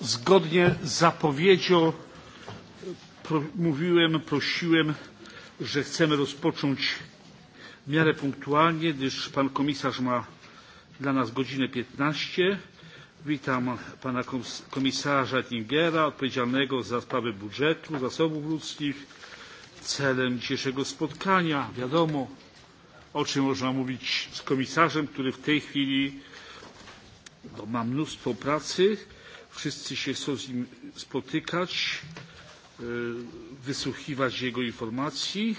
zgodnie z zapowiedzią mówiłem prosiłem że chcemy rozpocząć w miarę punktualnie gdyż pan komisarz ma dla nas godzinę. piętnaście witam pana komisarza oettingera odpowiedzialnego za sprawy budżetu zasobów ludzkich. celem dzisiejszego spotkania wiadomo o czym można mówić z komisarzem który w tej chwili ma mnóstwo pracy wszyscy się chcą z nim spotykać, e, wysłuchiwać jego informacji.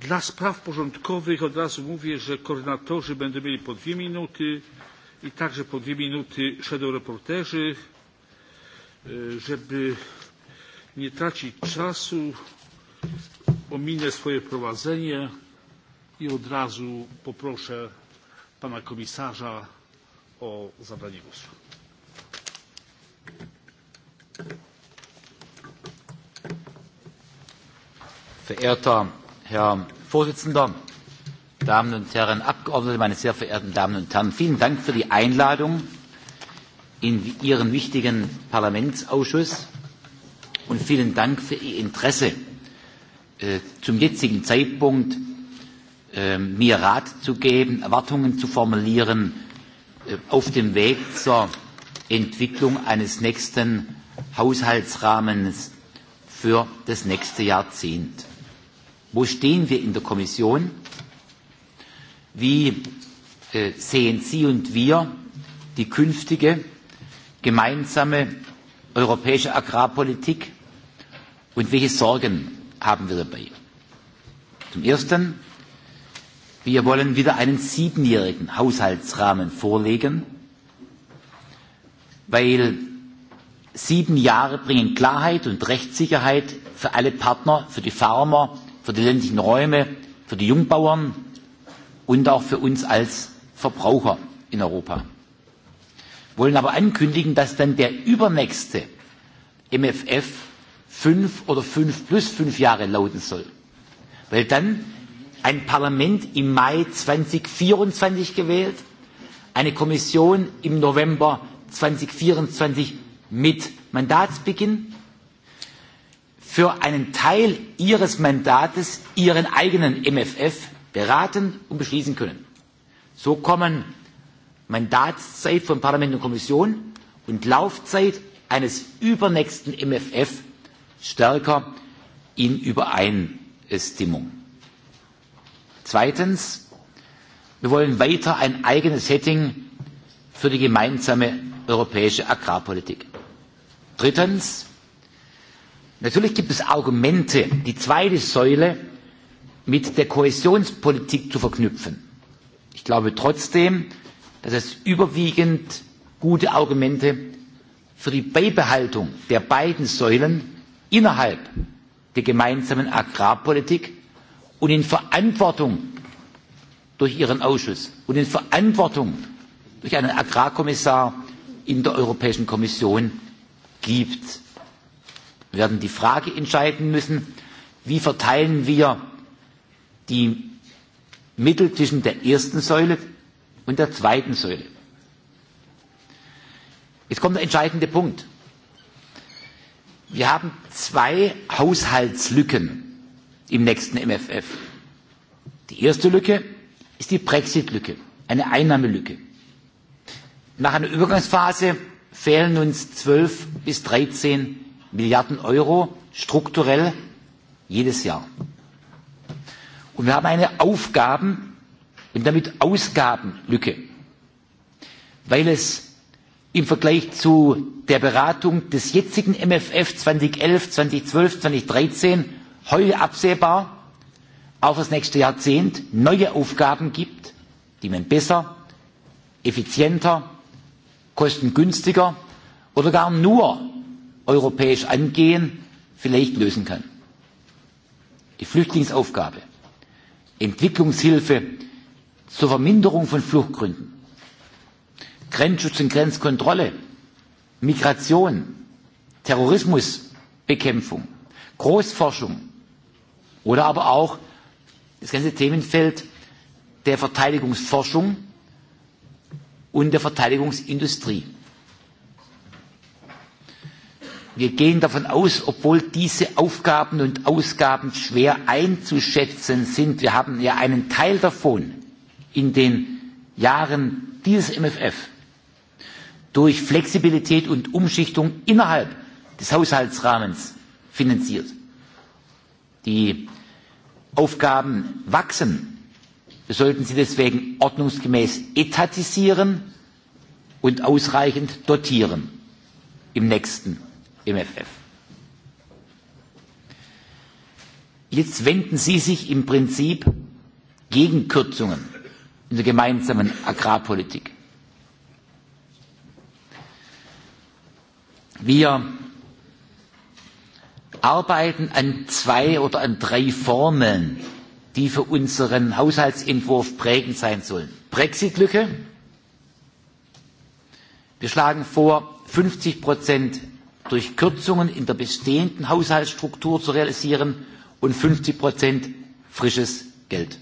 Dla spraw porządkowych od razu mówię, że koordynatorzy będą mieli po dwie minuty i także po dwie minuty shadow reporterzy, e, żeby nie tracić czasu, ominę swoje prowadzenie i od razu poproszę pana komisarza o zabranie głosu. Verehrter Herr Vorsitzender, Damen und Herren Abgeordnete, meine sehr verehrten Damen und Herren, vielen Dank für die Einladung in Ihren wichtigen Parlamentsausschuss und vielen Dank für Ihr Interesse, äh, zum jetzigen Zeitpunkt äh, mir Rat zu geben, Erwartungen zu formulieren äh, auf dem Weg zur Entwicklung eines nächsten Haushaltsrahmens für das nächste Jahrzehnt. Wo stehen wir in der Kommission? Wie äh, sehen Sie und wir die künftige gemeinsame europäische Agrarpolitik und welche Sorgen haben wir dabei? Zum Ersten, wir wollen wieder einen siebenjährigen Haushaltsrahmen vorlegen, weil sieben jahre bringen klarheit und rechtssicherheit für alle partner für die farmer für die ländlichen räume für die jungbauern und auch für uns als verbraucher in europa. wir wollen aber ankündigen dass dann der übernächste mff fünf oder fünf plus fünf jahre lauten soll weil dann ein parlament im mai zweitausendvierundzwanzig gewählt eine kommission im november zweitausendvierundzwanzig mit Mandatsbeginn für einen Teil ihres Mandates ihren eigenen MFF beraten und beschließen können. So kommen Mandatszeit von Parlament und Kommission und Laufzeit eines übernächsten MFF stärker in Übereinstimmung. Zweitens, wir wollen weiter ein eigenes Setting für die gemeinsame europäische Agrarpolitik. Drittens, natürlich gibt es Argumente, die zweite Säule mit der Kohäsionspolitik zu verknüpfen. Ich glaube trotzdem, dass es überwiegend gute Argumente für die Beibehaltung der beiden Säulen innerhalb der gemeinsamen Agrarpolitik und in Verantwortung durch Ihren Ausschuss und in Verantwortung durch einen Agrarkommissar in der Europäischen Kommission gibt, werden die Frage entscheiden müssen, wie verteilen wir die Mittel zwischen der ersten Säule und der zweiten Säule. Jetzt kommt der entscheidende Punkt. Wir haben zwei Haushaltslücken im nächsten MFF. Die erste Lücke ist die Brexit-Lücke, eine Einnahmelücke. Nach einer Übergangsphase fehlen uns zwölf bis dreizehn Milliarden Euro strukturell jedes Jahr. Und wir haben eine Aufgaben und damit Ausgabenlücke, weil es im Vergleich zu der Beratung des jetzigen MFF 2011, 2012, 2013 heute absehbar auf das nächste Jahrzehnt neue Aufgaben gibt, die man besser, effizienter kostengünstiger oder gar nur europäisch angehen, vielleicht lösen kann. Die Flüchtlingsaufgabe, Entwicklungshilfe zur Verminderung von Fluchtgründen, Grenzschutz und Grenzkontrolle, Migration, Terrorismusbekämpfung, Großforschung oder aber auch das ganze Themenfeld der Verteidigungsforschung, und der Verteidigungsindustrie. Wir gehen davon aus, obwohl diese Aufgaben und Ausgaben schwer einzuschätzen sind, wir haben ja einen Teil davon in den Jahren dieses MFF durch Flexibilität und Umschichtung innerhalb des Haushaltsrahmens finanziert. Die Aufgaben wachsen wir sollten sie deswegen ordnungsgemäß etatisieren und ausreichend dotieren im nächsten MFF. Jetzt wenden Sie sich im Prinzip gegen Kürzungen in der gemeinsamen Agrarpolitik. Wir arbeiten an zwei oder an drei Formeln die für unseren Haushaltsentwurf prägend sein sollen. Brexit Lücke Wir schlagen vor, 50 durch Kürzungen in der bestehenden Haushaltsstruktur zu realisieren und 50 frisches Geld.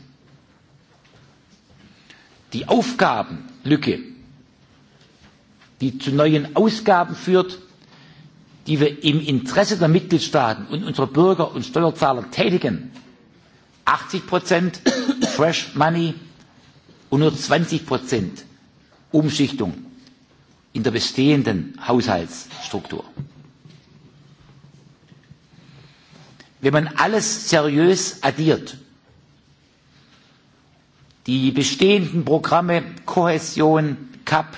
Die Aufgabenlücke, die zu neuen Ausgaben führt, die wir im Interesse der Mitgliedstaaten und unserer Bürger und Steuerzahler tätigen, 80 Fresh Money und nur 20 Umschichtung in der bestehenden Haushaltsstruktur. Wenn man alles seriös addiert, die bestehenden Programme Kohäsion, CAP,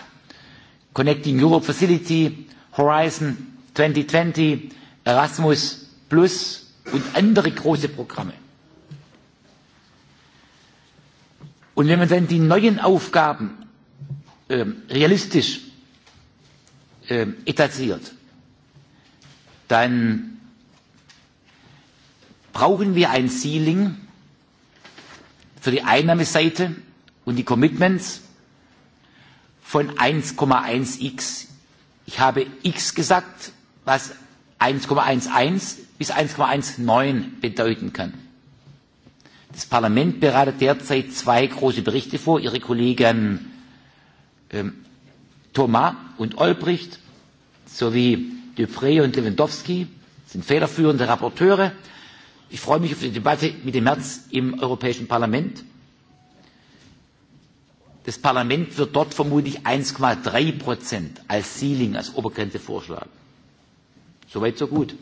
Connecting Europe Facility, Horizon 2020, Erasmus Plus und andere große Programme, und wenn man dann die neuen aufgaben äh, realistisch äh, etabliert dann brauchen wir ein ceiling für die einnahmeseite und die commitments von 1,1x ich habe x gesagt was 1,11 bis 1,19 bedeuten kann. Das Parlament bereitet derzeit zwei große Berichte vor. Ihre Kollegen ähm, Thomas und Olbricht sowie Dupré und Lewandowski sind federführende Rapporteure. Ich freue mich auf die Debatte mit dem März im Europäischen Parlament. Das Parlament wird dort vermutlich 1,3 Prozent als Ceiling, als Obergrenze vorschlagen. Soweit, so gut.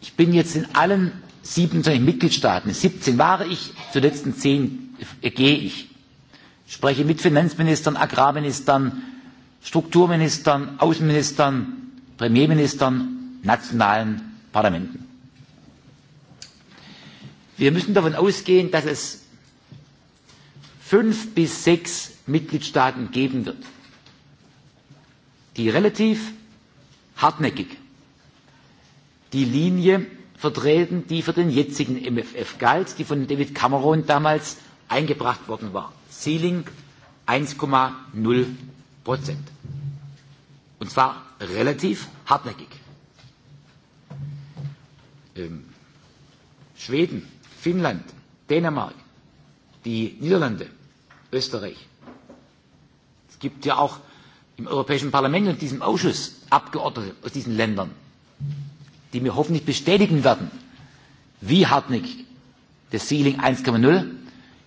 Ich bin jetzt in allen 27 Mitgliedstaaten, 17 war ich, zu letzten 10 gehe ich. Spreche mit Finanzministern, Agrarministern, Strukturministern, Außenministern, Premierministern, nationalen Parlamenten. Wir müssen davon ausgehen, dass es fünf bis sechs Mitgliedstaaten geben wird, die relativ hartnäckig die Linie vertreten, die für den jetzigen MFF galt, die von David Cameron damals eingebracht worden war. Ceiling 1,0 Prozent. Und zwar relativ hartnäckig. Ähm, Schweden, Finnland, Dänemark, die Niederlande, Österreich. Es gibt ja auch im Europäischen Parlament und diesem Ausschuss Abgeordnete aus diesen Ländern die mir hoffentlich bestätigen werden, wie hartnäckig das Ceiling 1,0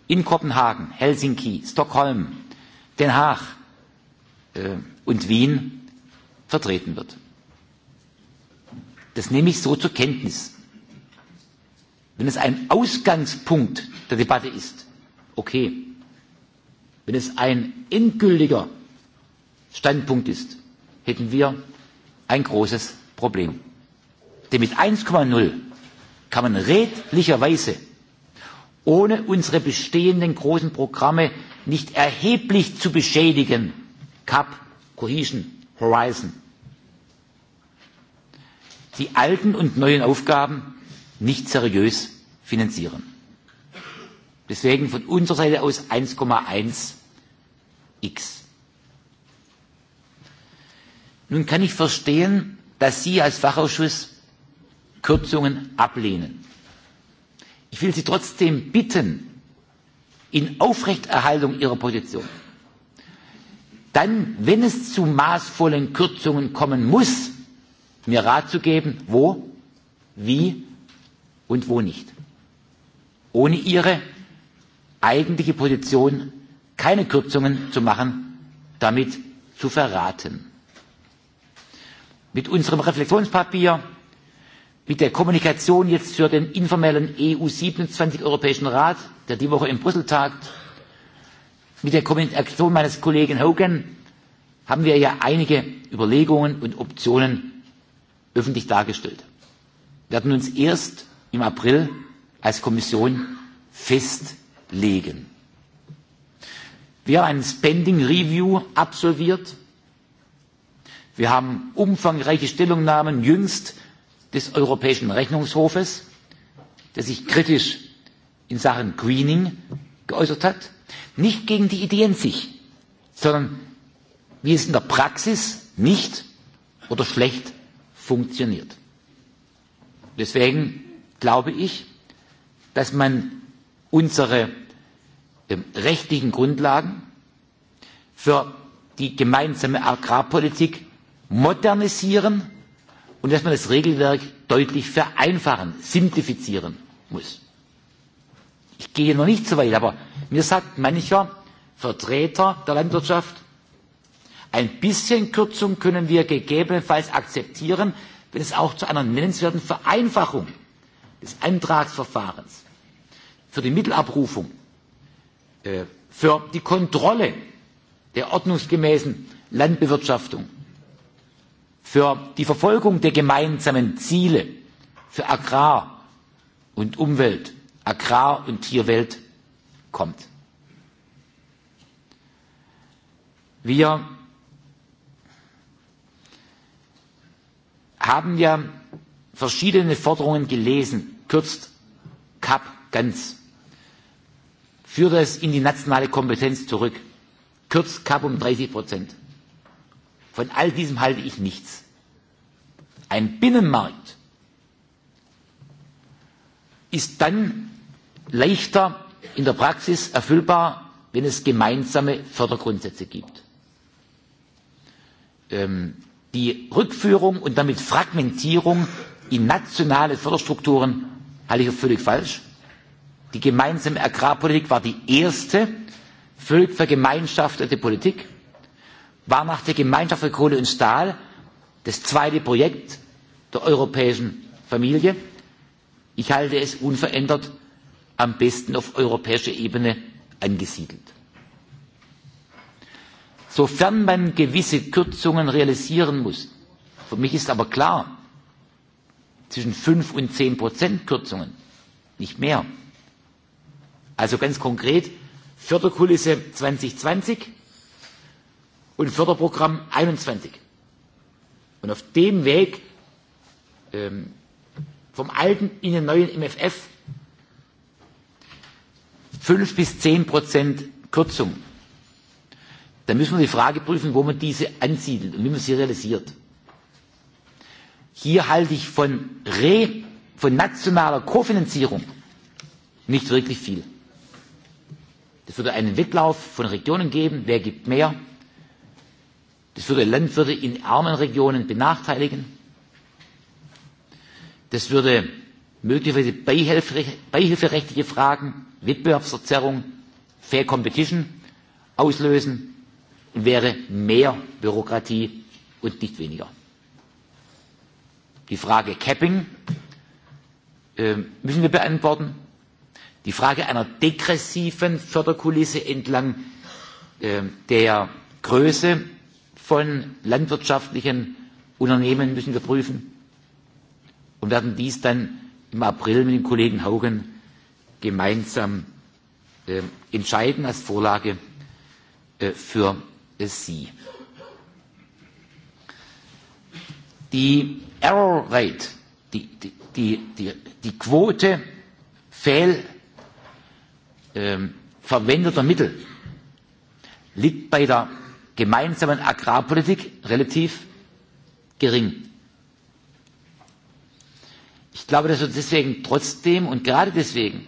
in Kopenhagen, Helsinki, Stockholm, Den Haag äh, und Wien vertreten wird. Das nehme ich so zur Kenntnis. Wenn es ein Ausgangspunkt der Debatte ist, okay. Wenn es ein endgültiger Standpunkt ist, hätten wir ein großes Problem. Denn mit 1,0 kann man redlicherweise ohne unsere bestehenden großen Programme nicht erheblich zu beschädigen CAP, Cohesion, Horizon die alten und neuen Aufgaben nicht seriös finanzieren. Deswegen von unserer Seite aus 1,1x. Nun kann ich verstehen, dass Sie als Fachausschuss kürzungen ablehnen. ich will sie trotzdem bitten in aufrechterhaltung ihrer position dann wenn es zu maßvollen kürzungen kommen muss mir rat zu geben wo wie und wo nicht. ohne ihre eigentliche position keine kürzungen zu machen damit zu verraten. mit unserem reflexionspapier mit der kommunikation jetzt für den informellen eu siebenundzwanzig europäischen rat der die woche in brüssel tagt mit der kommunikation meines kollegen hogan haben wir ja einige überlegungen und optionen öffentlich dargestellt. wir werden uns erst im april als kommission festlegen. wir haben einen spending review absolviert. wir haben umfangreiche stellungnahmen jüngst des europäischen rechnungshofes der sich kritisch in sachen greening geäußert hat nicht gegen die ideen sich sondern wie es in der praxis nicht oder schlecht funktioniert. deswegen glaube ich dass man unsere ähm, rechtlichen grundlagen für die gemeinsame agrarpolitik modernisieren und dass man das Regelwerk deutlich vereinfachen, simplifizieren muss. Ich gehe noch nicht so weit, aber mir sagt mancher Vertreter der Landwirtschaft, ein bisschen Kürzung können wir gegebenenfalls akzeptieren, wenn es auch zu einer nennenswerten Vereinfachung des Antragsverfahrens für die Mittelabrufung, äh, für die Kontrolle der ordnungsgemäßen Landbewirtschaftung für die Verfolgung der gemeinsamen Ziele für Agrar und Umwelt, Agrar und Tierwelt kommt. Wir haben ja verschiedene Forderungen gelesen, kürzt CAP ganz, führt es in die nationale Kompetenz zurück, kürzt CAP um 30 Prozent. Von all diesem halte ich nichts. Ein Binnenmarkt ist dann leichter in der Praxis erfüllbar, wenn es gemeinsame Fördergrundsätze gibt. Ähm, die Rückführung und damit Fragmentierung in nationale Förderstrukturen halte ich für völlig falsch. Die gemeinsame Agrarpolitik war die erste völlig vergemeinschaftete Politik war nach der Gemeinschaft für Kohle und Stahl das zweite Projekt der europäischen Familie. Ich halte es unverändert am besten auf europäischer Ebene angesiedelt. Sofern man gewisse Kürzungen realisieren muss, für mich ist aber klar, zwischen 5 und 10 Prozent Kürzungen, nicht mehr. Also ganz konkret, Förderkulisse 2020, und förderprogramm einundzwanzig und auf dem weg ähm, vom alten in den neuen mff fünf bis zehn prozent kürzung dann müssen wir die frage prüfen wo man diese ansiedelt und wie man sie realisiert. hier halte ich von, Re, von nationaler kofinanzierung nicht wirklich viel. es würde einen wettlauf von regionen geben wer gibt mehr? das würde landwirte in armen regionen benachteiligen das würde möglicherweise beihilferechtliche fragen wettbewerbsverzerrung fair competition auslösen und wäre mehr bürokratie und nicht weniger. die frage capping äh, müssen wir beantworten. die frage einer degressiven förderkulisse entlang äh, der größe von landwirtschaftlichen Unternehmen müssen wir prüfen und werden dies dann im April mit dem Kollegen Haugen gemeinsam äh, entscheiden als Vorlage äh, für äh, Sie. Die Error Rate, die, die, die, die, die Quote fehl, äh, verwendeter Mittel, liegt bei der gemeinsamen Agrarpolitik relativ gering. Ich glaube, dass wir deswegen trotzdem und gerade deswegen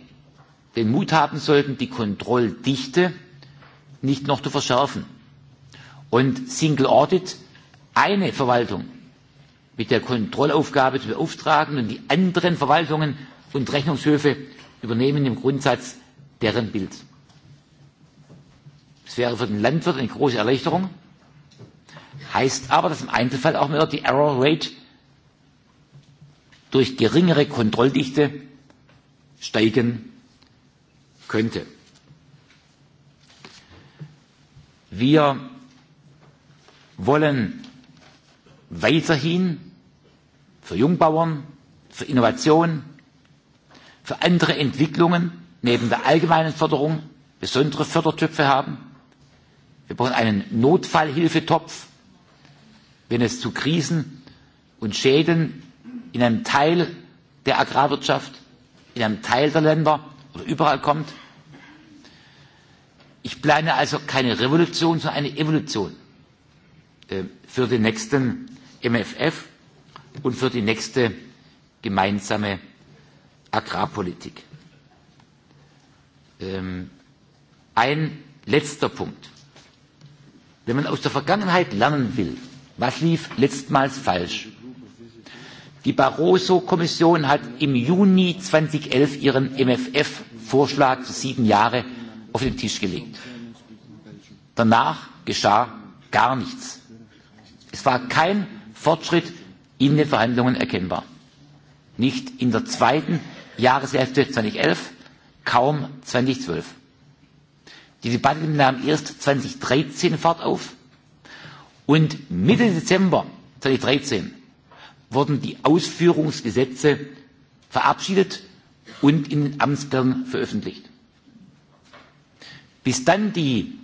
den Mut haben sollten, die Kontrolldichte nicht noch zu verschärfen und Single Audit eine Verwaltung mit der Kontrollaufgabe zu beauftragen und die anderen Verwaltungen und Rechnungshöfe übernehmen im Grundsatz deren Bild. Das wäre für den Landwirt eine große Erleichterung. Heißt aber, dass im Einzelfall auch wieder die Error Rate durch geringere Kontrolldichte steigen könnte. Wir wollen weiterhin für Jungbauern, für Innovation, für andere Entwicklungen neben der allgemeinen Förderung besondere Fördertöpfe haben wir brauchen einen notfallhilfetopf wenn es zu krisen und schäden in einem teil der agrarwirtschaft in einem teil der länder oder überall kommt. ich plane also keine revolution sondern eine evolution äh, für den nächsten mff und für die nächste gemeinsame agrarpolitik. Ähm, ein letzter punkt Wenn man aus der Vergangenheit lernen will, was lief letztmals falsch? Die Barroso-Kommission hat im Juni 2011 ihren MFF-Vorschlag für sieben Jahre auf den Tisch gelegt. Danach geschah gar nichts. Es war kein Fortschritt in den Verhandlungen erkennbar. Nicht in der zweiten Jahreshälfte 2011, kaum 2012. Die Debatte nahm erst 2013 Fahrt auf und Mitte Dezember 2013 wurden die Ausführungsgesetze verabschiedet und in den Amtsblättern veröffentlicht. Bis dann die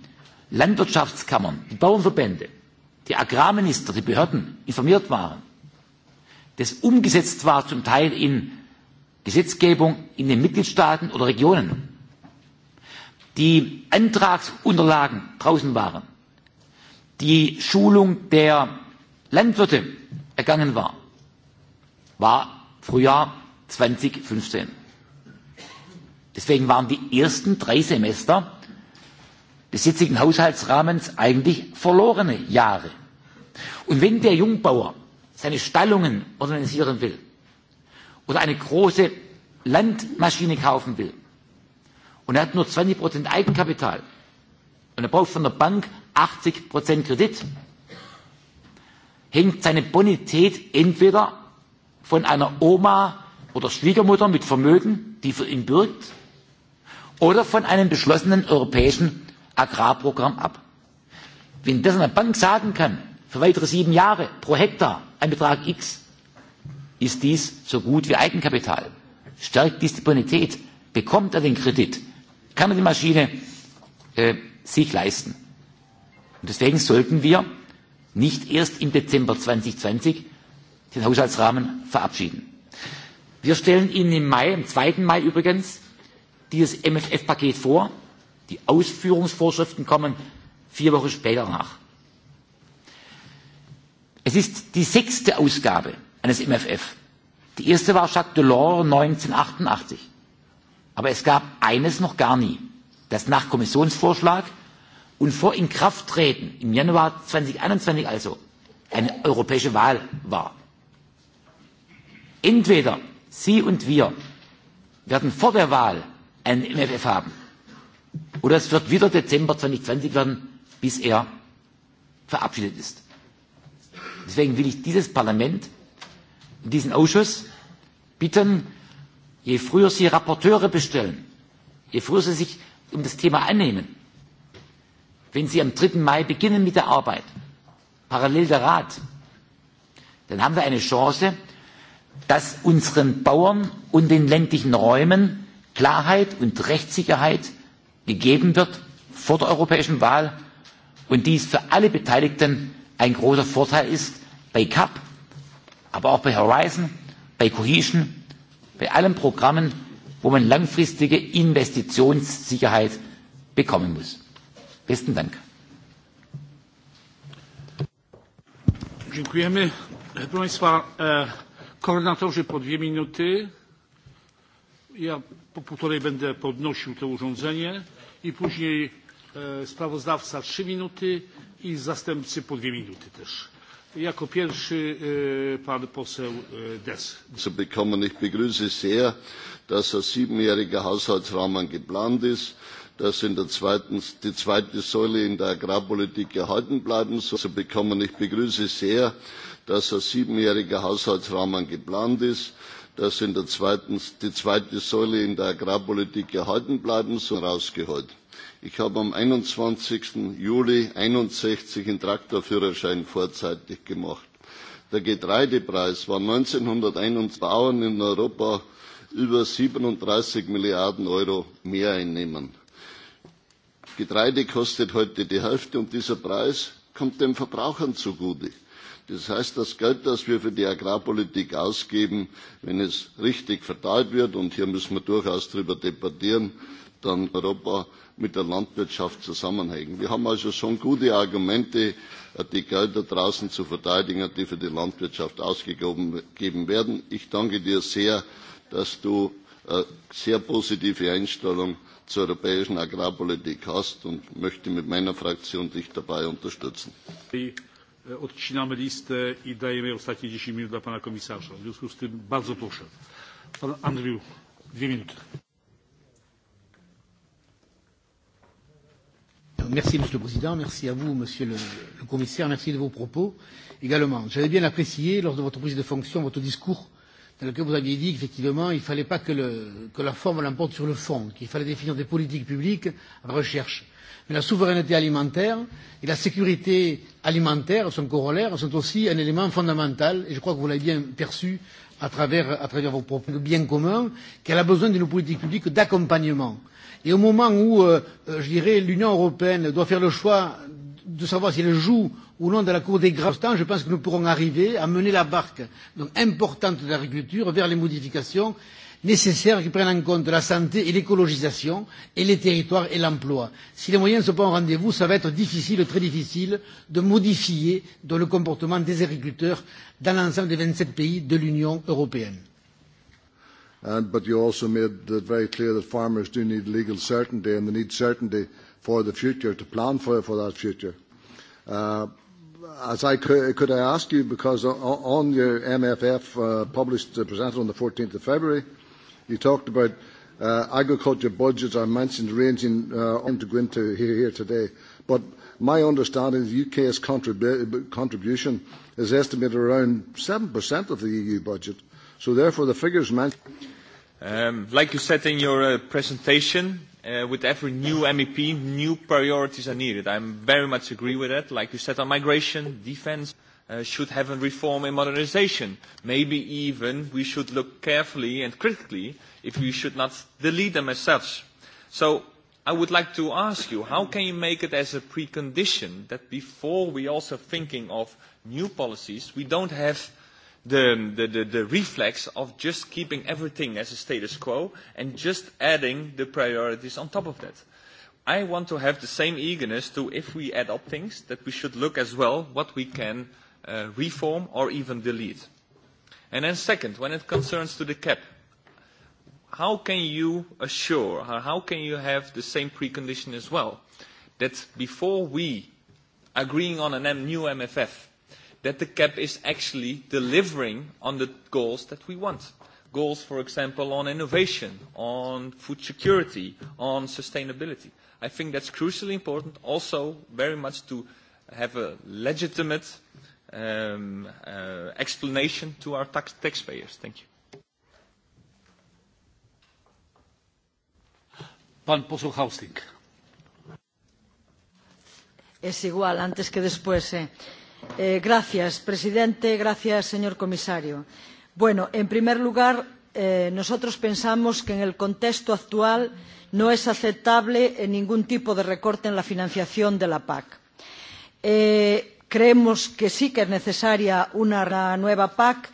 Landwirtschaftskammern, die Bauernverbände, die Agrarminister, die Behörden informiert waren, das umgesetzt war zum Teil in Gesetzgebung in den Mitgliedstaaten oder Regionen, die antragsunterlagen draußen waren die schulung der landwirte ergangen war war frühjahr 2015. deswegen waren die ersten drei semester des jetzigen haushaltsrahmens eigentlich verlorene jahre. und wenn der jungbauer seine stallungen organisieren will oder eine große landmaschine kaufen will und er hat nur zwanzig eigenkapital und er braucht von der bank achtzig kredit hängt seine bonität entweder von einer oma oder schwiegermutter mit vermögen die für ihn bürgt oder von einem beschlossenen europäischen agrarprogramm ab. wenn das eine bank sagen kann für weitere sieben jahre pro hektar ein betrag x ist dies so gut wie eigenkapital stärkt dies die bonität bekommt er den kredit kann man die Maschine äh, sich leisten. Und deswegen sollten wir nicht erst im Dezember 2020 den Haushaltsrahmen verabschieden. Wir stellen Ihnen im Mai, im 2. Mai übrigens, dieses MFF-Paket vor. Die Ausführungsvorschriften kommen vier Wochen später nach. Es ist die sechste Ausgabe eines MFF. Die erste war Jacques Delors 1988. Aber es gab eines noch gar nie, dass nach Kommissionsvorschlag und vor Inkrafttreten im Januar 2021 also eine europäische Wahl war. Entweder Sie und wir werden vor der Wahl einen MFF haben oder es wird wieder Dezember 2020 werden, bis er verabschiedet ist. Deswegen will ich dieses Parlament und diesen Ausschuss bitten, je früher sie berichterstatter bestellen je früher sie sich um das thema annehmen wenn sie am. drei mai beginnen mit der arbeit parallel der rat dann haben wir eine chance dass unseren bauern und den ländlichen räumen klarheit und rechtssicherheit gegeben wird vor der europäischen wahl und dies für alle beteiligten ein großer vorteil ist bei cap aber auch bei horizon bei cohesion bei allen programmen wo man langfristige investitionssicherheit bekommen muss. besten dank. Dziękujemy. Proszę Państwa, e, koordynatorzy po dwie minuty. Ja po półtorej będę podnosił to urządzenie i później e, sprawozdawca trzy minuty i zastępcy po dwie minuty też. Jako pierwszy e, pan poseł e, Des. Zu bekommen, ich begrüße sehr, dass ein siebenjähriger Haushaltsrahmen geplant ist, dass in der zweiten, die zweite Säule in der Agrarpolitik erhalten bleiben soll. Zu bekommen, ich begrüße sehr, dass ein siebenjähriger Haushaltsrahmen geplant ist, dass in der zweiten, die zweite Säule in der Agrarpolitik erhalten bleiben soll. Rausgeholt. Ich habe am 21. Juli 61 einen Traktorführerschein vorzeitig gemacht. Der Getreidepreis war 1901 in Europa über 37 Milliarden Euro mehr einnehmen. Getreide kostet heute die Hälfte und dieser Preis kommt den Verbrauchern zugute. Das heißt, das Geld, das wir für die Agrarpolitik ausgeben, wenn es richtig verteilt wird, und hier müssen wir durchaus darüber debattieren, dann Europa mit der Landwirtschaft zusammenhängen. Wir haben also schon gute Argumente, die Gelder draußen zu verteidigen, die für die Landwirtschaft ausgegeben werden. Ich danke dir sehr, dass du äh, sehr positive Einstellung zur europäischen Agrarpolitik hast und möchte mit meiner Fraktion dich dabei unterstützen. E, odcinamy listę i dajemy ostatnie 10 minut dla pana komisarza. W związku z tym bardzo proszę. Pan Andrew, dwie minuty. merci, Monsieur le Président. Merci à vous, Monsieur le, le Commissaire. Merci de vos propos également. J'avais bien apprécié, lors de votre prise de fonction, votre discours dans lequel vous aviez dit qu'effectivement, il ne fallait pas que, le, que la forme l'emporte sur le fond, qu'il fallait définir des politiques publiques à la recherche. Mais la souveraineté alimentaire et la sécurité alimentaire, son corollaire, sont aussi un élément fondamental, et je crois que vous l'avez bien perçu à travers, à travers vos propos, le bien commun, qu'elle a besoin d'une politique publique d'accompagnement. Et au moment où, euh, euh, je dirais, l'Union européenne doit faire le choix de savoir si elle joue ou non dans la cour des graves je pense que nous pourrons arriver à mener la barque donc, importante de l'agriculture vers les modifications nécessaires qui prennent en compte la santé et l'écologisation et les territoires et l'emploi. Si les moyens ne sont pas au rendez vous, ça va être difficile, très difficile, de modifier dans le comportement des agriculteurs dans l'ensemble des vingt sept pays de l'Union européenne. And, but you also made it very clear that farmers do need legal certainty and they need certainty for the future to plan for, for that future. Uh, as I could, could I ask you, because on, on your MFF uh, published, uh, presented on the 14th of February, uh, You talked about uh, agriculture budgets. I mentioned ranging uh, to go into here, here today. But my understanding is the UK's contribu- contribution is estimated around 7% of the EU budget. So therefore, the figures mentioned... Um, like you said in your uh, presentation, uh, with every new MEP, new priorities are needed. I very much agree with that. Like you said on migration, defence... Uh, should have a reform and modernization. Maybe even we should look carefully and critically if we should not delete them as such. So I would like to ask you, how can you make it as a precondition that before we also thinking of new policies, we don't have the, the, the, the reflex of just keeping everything as a status quo and just adding the priorities on top of that? I want to have the same eagerness to, if we add up things, that we should look as well what we can uh, Uh, reform or even delete. Second, when it concerns to the cap, how can you assure, how can you have the same precondition as well, that before we agreeing on a new MFF, that the cap is actually delivering on the goals that we want? Goals, for example, on innovation, on food security, on sustainability. I think that's crucially important also very much to have a legitimate um, uh, explanation to our tax taxpayers. Thank you. Pan Pozo Hausting. Es igual, antes que después. Eh. Eh, gracias, presidente. Gracias, señor comisario. Bueno, en primer lugar, eh, nosotros pensamos que en el contexto actual no es aceptable eh, ningún tipo de recorte en la financiación de la PAC. Eh, creemos que sí que es necesaria una nueva PAC,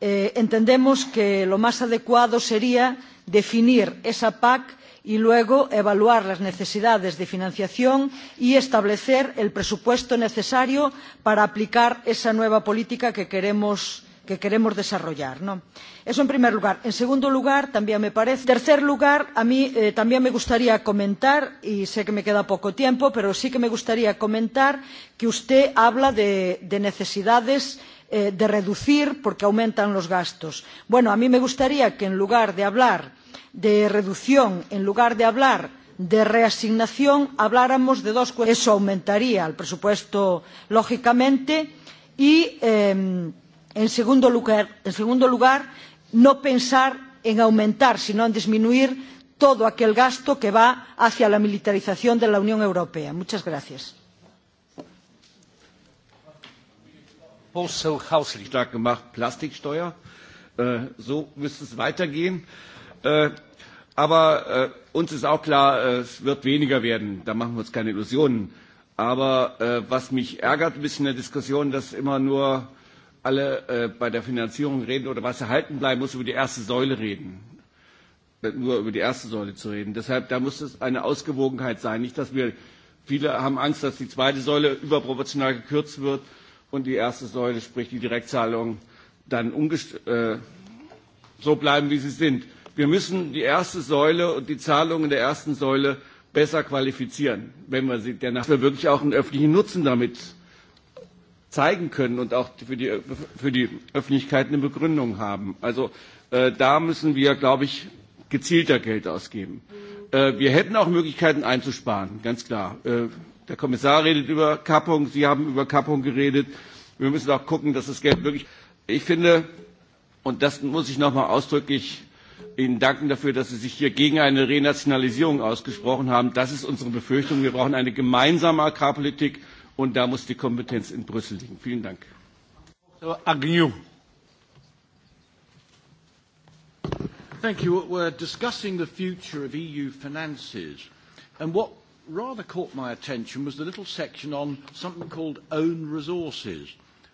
eh, entendemos que lo más adecuado sería definir esa PAC y luego evaluar las necesidades de financiación y establecer el presupuesto necesario para aplicar esa nueva política que queremos implementar que queremos desarrollar. ¿no? Eso en primer lugar. En segundo lugar, también me parece. En tercer lugar, a mí eh, también me gustaría comentar, y sé que me queda poco tiempo, pero sí que me gustaría comentar que usted habla de, de necesidades eh, de reducir porque aumentan los gastos. Bueno, a mí me gustaría que en lugar de hablar de reducción, en lugar de hablar de reasignación, habláramos de dos cuestiones. Eso aumentaría el presupuesto, lógicamente, y. Eh, en segundo lugar, en segundo lugar no pensar en aumentar sino en disminuir todo aquel gasto que va hacia la militarización de la Unión Europea. Muchas gracias. Posel Hausli. Stark gemacht, Plastiksteuer. Äh, so müsste es weitergehen. Äh, aber äh, uns ist auch klar, äh, es wird weniger werden. Da machen wir uns keine Illusionen. Aber äh, was mich ärgert ein bisschen in der Diskussion, dass immer nur äh, alle äh, bei der Finanzierung reden oder was erhalten bleiben muss, über die erste Säule reden. Äh, nur über die erste Säule zu reden. Deshalb, da muss es eine Ausgewogenheit sein. Nicht, dass wir, viele haben Angst, dass die zweite Säule überproportional gekürzt wird und die erste Säule, sprich die Direktzahlung, dann äh, so bleiben, wie sie sind. Wir müssen die erste Säule und die Zahlungen der ersten Säule besser qualifizieren, wenn wir sie, danach wir wirklich auch einen öffentlichen Nutzen damit zeigen können und auch für die, für die Öffentlichkeit eine Begründung haben. Also äh, da müssen wir, glaube ich, gezielter Geld ausgeben. Äh, wir hätten auch Möglichkeiten einzusparen, ganz klar. Äh, der Kommissar redet über Kappung, Sie haben über Kappung geredet. Wir müssen auch gucken, dass das Geld wirklich. Ich finde, und das muss ich nochmal ausdrücklich Ihnen danken dafür, dass Sie sich hier gegen eine Renationalisierung ausgesprochen haben. Das ist unsere Befürchtung. Wir brauchen eine gemeinsame Agrarpolitik und da muss die Kompetenz in Brüssel liegen. Vielen Dank. Dr. Agnew. Thank you. We're discussing the future of EU finances. And what rather caught my attention was the little section on something called own resources.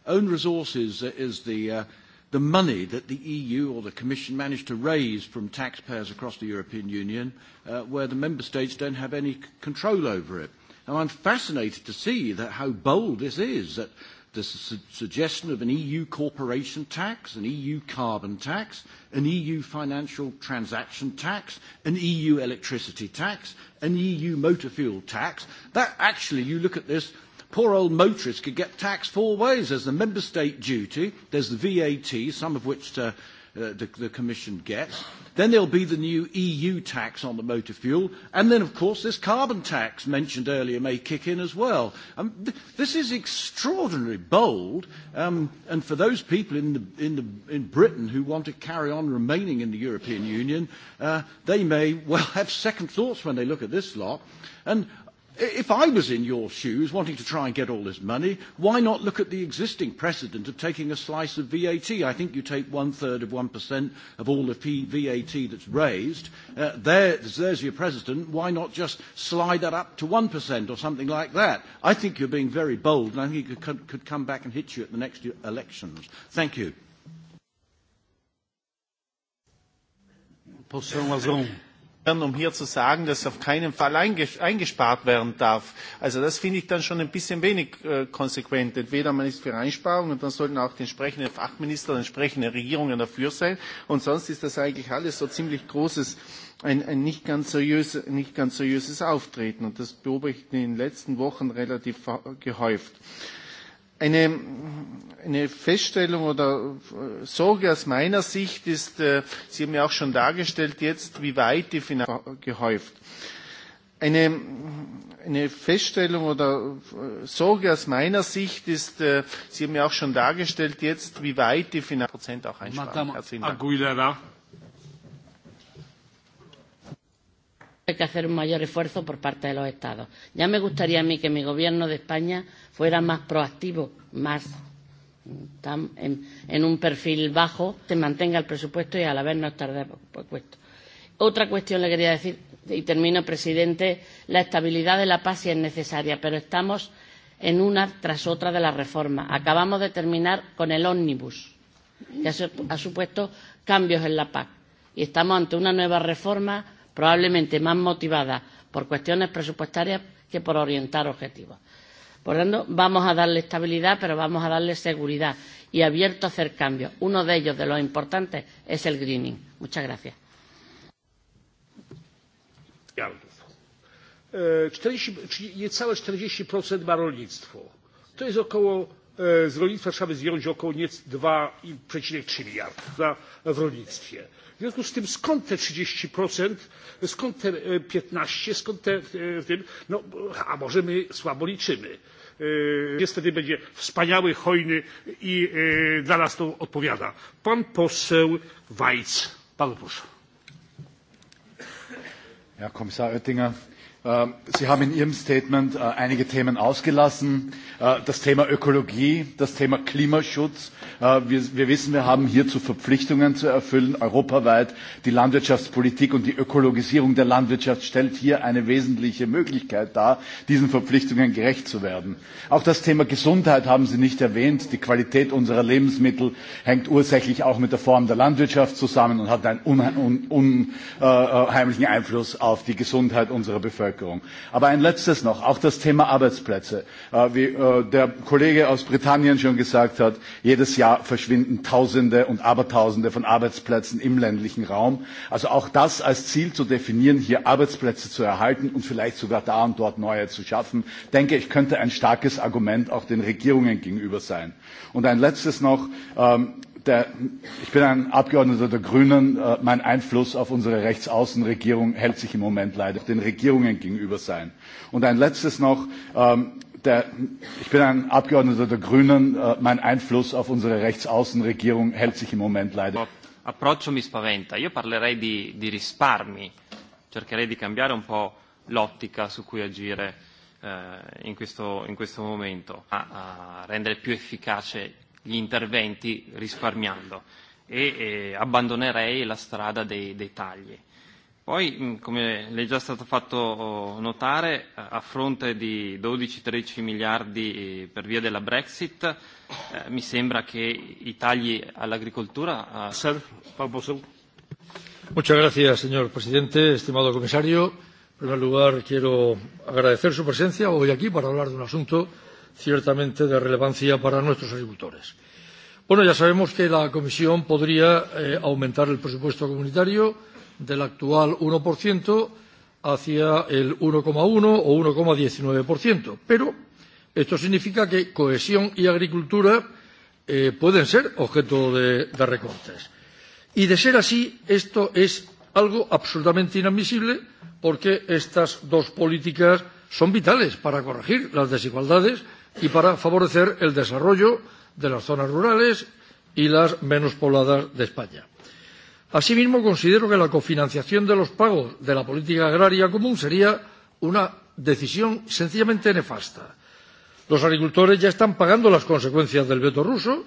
Own resources is the, uh, the money that the EU or the Commission managed to raise from taxpayers across the European Union, uh, where the member states don't have any control over it. And I'm fascinated to see that how bold this is, that the su- suggestion of an EU corporation tax, an EU carbon tax, an EU financial transaction tax, an EU electricity tax, an EU motor fuel tax, that actually, you look at this, poor old motorists could get taxed four ways. There's the member state duty, there's the VAT, some of which... Uh, Uh, the, the Commission gets. Then there'll be the new EU tax on the motor fuel. And then, of course, this carbon tax mentioned earlier may kick in as well. Um, th- this is extraordinarily bold. Um, and for those people in, the, in, the, in Britain who want to carry on remaining in the European Union, uh, they may well have second thoughts when they look at this lot. And If I was in your shoes wanting to try and get all this money, why not look at the existing precedent of taking a slice of VAT? I think you take one third of 1% of all the VAT that's raised. Uh, there's, there's your precedent. Why not just slide that up to 1% or something like that? I think you're being very bold, and I think it could, could come back and hit you at the next e, elections. Thank you. Poção azul. Herrn, um hier zu sagen, dass auf keinen Fall eingespart werden darf. Also das finde ich dann schon ein bisschen wenig äh, konsequent. Entweder man ist für Einsparungen und dann sollten auch die entsprechenden Fachminister, die entsprechenden Regierungen dafür sein. Und sonst ist das eigentlich alles so ziemlich großes, ein, ein nicht, ganz seriöse, nicht ganz seriöses Auftreten. Und das beobachte ich in den letzten Wochen relativ gehäuft. Äh, Eine, eine Feststellung oder Sorge aus meiner Sicht ist, äh, Sie haben ja auch schon dargestellt jetzt, wie weit die Finanz gehäuft. Eine, eine Feststellung oder Sorge aus meiner Sicht ist, äh, Sie haben ja auch schon dargestellt jetzt, wie weit die Finanzprozent auch einsparen. Herzlichen Dank. Aguilera. hay que hacer un mayor esfuerzo por parte de los Estados. Ya me gustaría a mí que mi gobierno de España fuera más proactivo, más tan, en, en un perfil bajo, se mantenga el presupuesto y a la vez no estar de puesto. Otra cuestión le quería decir, y termino, presidente, la estabilidad de la paz sí es necesaria, pero estamos en una tras otra de las reformas. Acabamos de terminar con el ómnibus, que ha supuesto cambios en la PAC. Y estamos ante una nueva reforma probablemente más motivadas por cuestiones presupuestarias que por orientar objetivos. Por tanto, vamos a darle estabilidad, pero vamos a darle seguridad y abierto a hacer cambios. Uno de ellos, de los importantes, es el greening. Muchas gracias. Ja, 40, e, niecałe 40% ma rolnictwo. To jest około, e, z rolnictwa trzeba zjąć około 2,3 miliarda w rolnictwie w związku z tym skąd te trzydzieści skąd te e, piętnaście skąd te e, no a może my słabo liczymy? jest e, wtedy będzie wspaniały hojny i dla nas to odpowiada. pan poseł weiz bardzo proszę. herr kommissar oettinger! Ähm, Sie haben in Ihrem Statement äh, einige Themen ausgelassen. Äh, das Thema Ökologie, das Thema Klimaschutz. Äh, wir, wir wissen, wir haben hierzu Verpflichtungen zu erfüllen. Europaweit die Landwirtschaftspolitik und die Ökologisierung der Landwirtschaft stellt hier eine wesentliche Möglichkeit dar, diesen Verpflichtungen gerecht zu werden. Auch das Thema Gesundheit haben Sie nicht erwähnt. Die Qualität unserer Lebensmittel hängt ursächlich auch mit der Form der Landwirtschaft zusammen und hat einen unheimlichen Einfluss auf die Gesundheit unserer Bevölkerung. Bevölkerung. Aber ein letztes noch, auch das Thema Arbeitsplätze. Äh, wie äh, der Kollege aus Britannien schon gesagt hat, jedes Jahr verschwinden Tausende und Abertausende von Arbeitsplätzen im ländlichen Raum. Also auch das als Ziel zu definieren, hier Arbeitsplätze zu erhalten und vielleicht sogar da und dort neue zu schaffen, denke ich, könnte ein starkes Argument auch den Regierungen gegenüber sein. Und ein letztes noch, ähm, der, ich bin ein Abgeordneter der Grünen. Äh, mein Einfluss auf unsere Rechtsaußenregierung hält sich im Moment leider den Regierungen gegenüber sein. Und ein letztes noch. Ähm, der, ich bin ein Abgeordneter der Grünen. Äh, mein Einfluss auf unsere Rechtsaußenregierung hält sich im Moment leider. Approccio mi spaventa. Io parlerei di, di risparmi. Cercherei di cambiare un po' l'ottica su cui agire eh, in, questo, in questo momento. A, a rendere più efficace gli interventi risparmiando e eh, abbandonerei la strada dei, dei tagli. Poi, come le è già stato fatto notare, a fronte di 12-13 miliardi eh, per via della Brexit, eh, mi sembra che i tagli all'agricoltura... Eh... grazie, signor Presidente, stimato Commissario. In primo luogo, chiedo agradecer su presenza oggi qui per parlare di un assunto... Asunto ciertamente de relevancia para nuestros agricultores. Bueno, ya sabemos que la Comisión podría eh, aumentar el presupuesto comunitario del actual 1% hacia el 1,1 o 1,19%, pero esto significa que cohesión y agricultura eh, pueden ser objeto de, de recortes. Y de ser así, esto es algo absolutamente inadmisible porque estas dos políticas son vitales para corregir las desigualdades y para favorecer el desarrollo de las zonas rurales y las menos pobladas de España. Asimismo, considero que la cofinanciación de los pagos de la política agraria común sería una decisión sencillamente nefasta. Los agricultores ya están pagando las consecuencias del veto ruso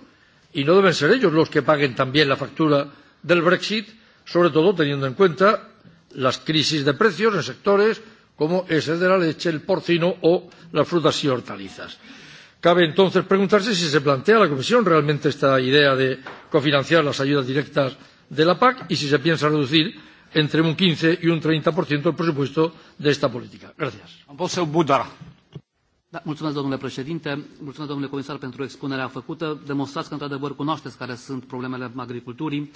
y no deben ser ellos los que paguen también la factura del Brexit, sobre todo teniendo en cuenta las crisis de precios en sectores como es el de la leche, el porcino o las frutas y hortalizas. Cabe entonces preguntarse si se plantea a la Comisión realmente esta idea de cofinanciar las ayudas directas de la PAC y si se piensa reducir entre un 15 y un 30% el presupuesto de esta política. Gracias. Da, mulțumesc, domnule președinte. Mulțumesc, domnule comisar, pentru expunerea făcută. Demonstrați că, într-adevăr, cunoașteți care sunt problemele agriculturii.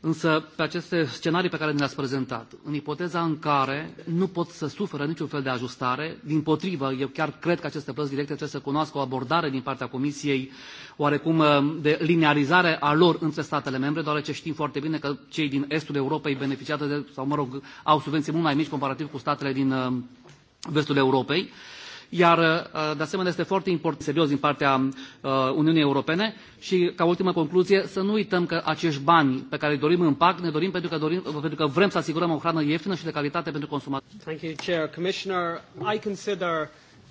Însă, pe aceste scenarii pe care ne-ați prezentat, în ipoteza în care nu pot să suferă niciun fel de ajustare, din potrivă, eu chiar cred că aceste plăți directe trebuie să cunoască o abordare din partea Comisiei, oarecum uh, de linearizare a lor între statele membre, deoarece știm foarte bine că cei din estul Europei beneficiază de, sau mă rog, au subvenții mult mai mici comparativ cu statele din uh, vestul Europei. Uh, Iar, uh, de asemenea, este foarte important, serios, din partea uh, Uniunii Europene. Și, ca ultimă concluzie, să nu uităm că acești bani pe care îi dorim în PAC, ne dorim pentru că, dorim, pentru că vrem să asigurăm o hrană ieftină și de calitate pentru consumatori. Thank you, Chair. Commissioner, I consider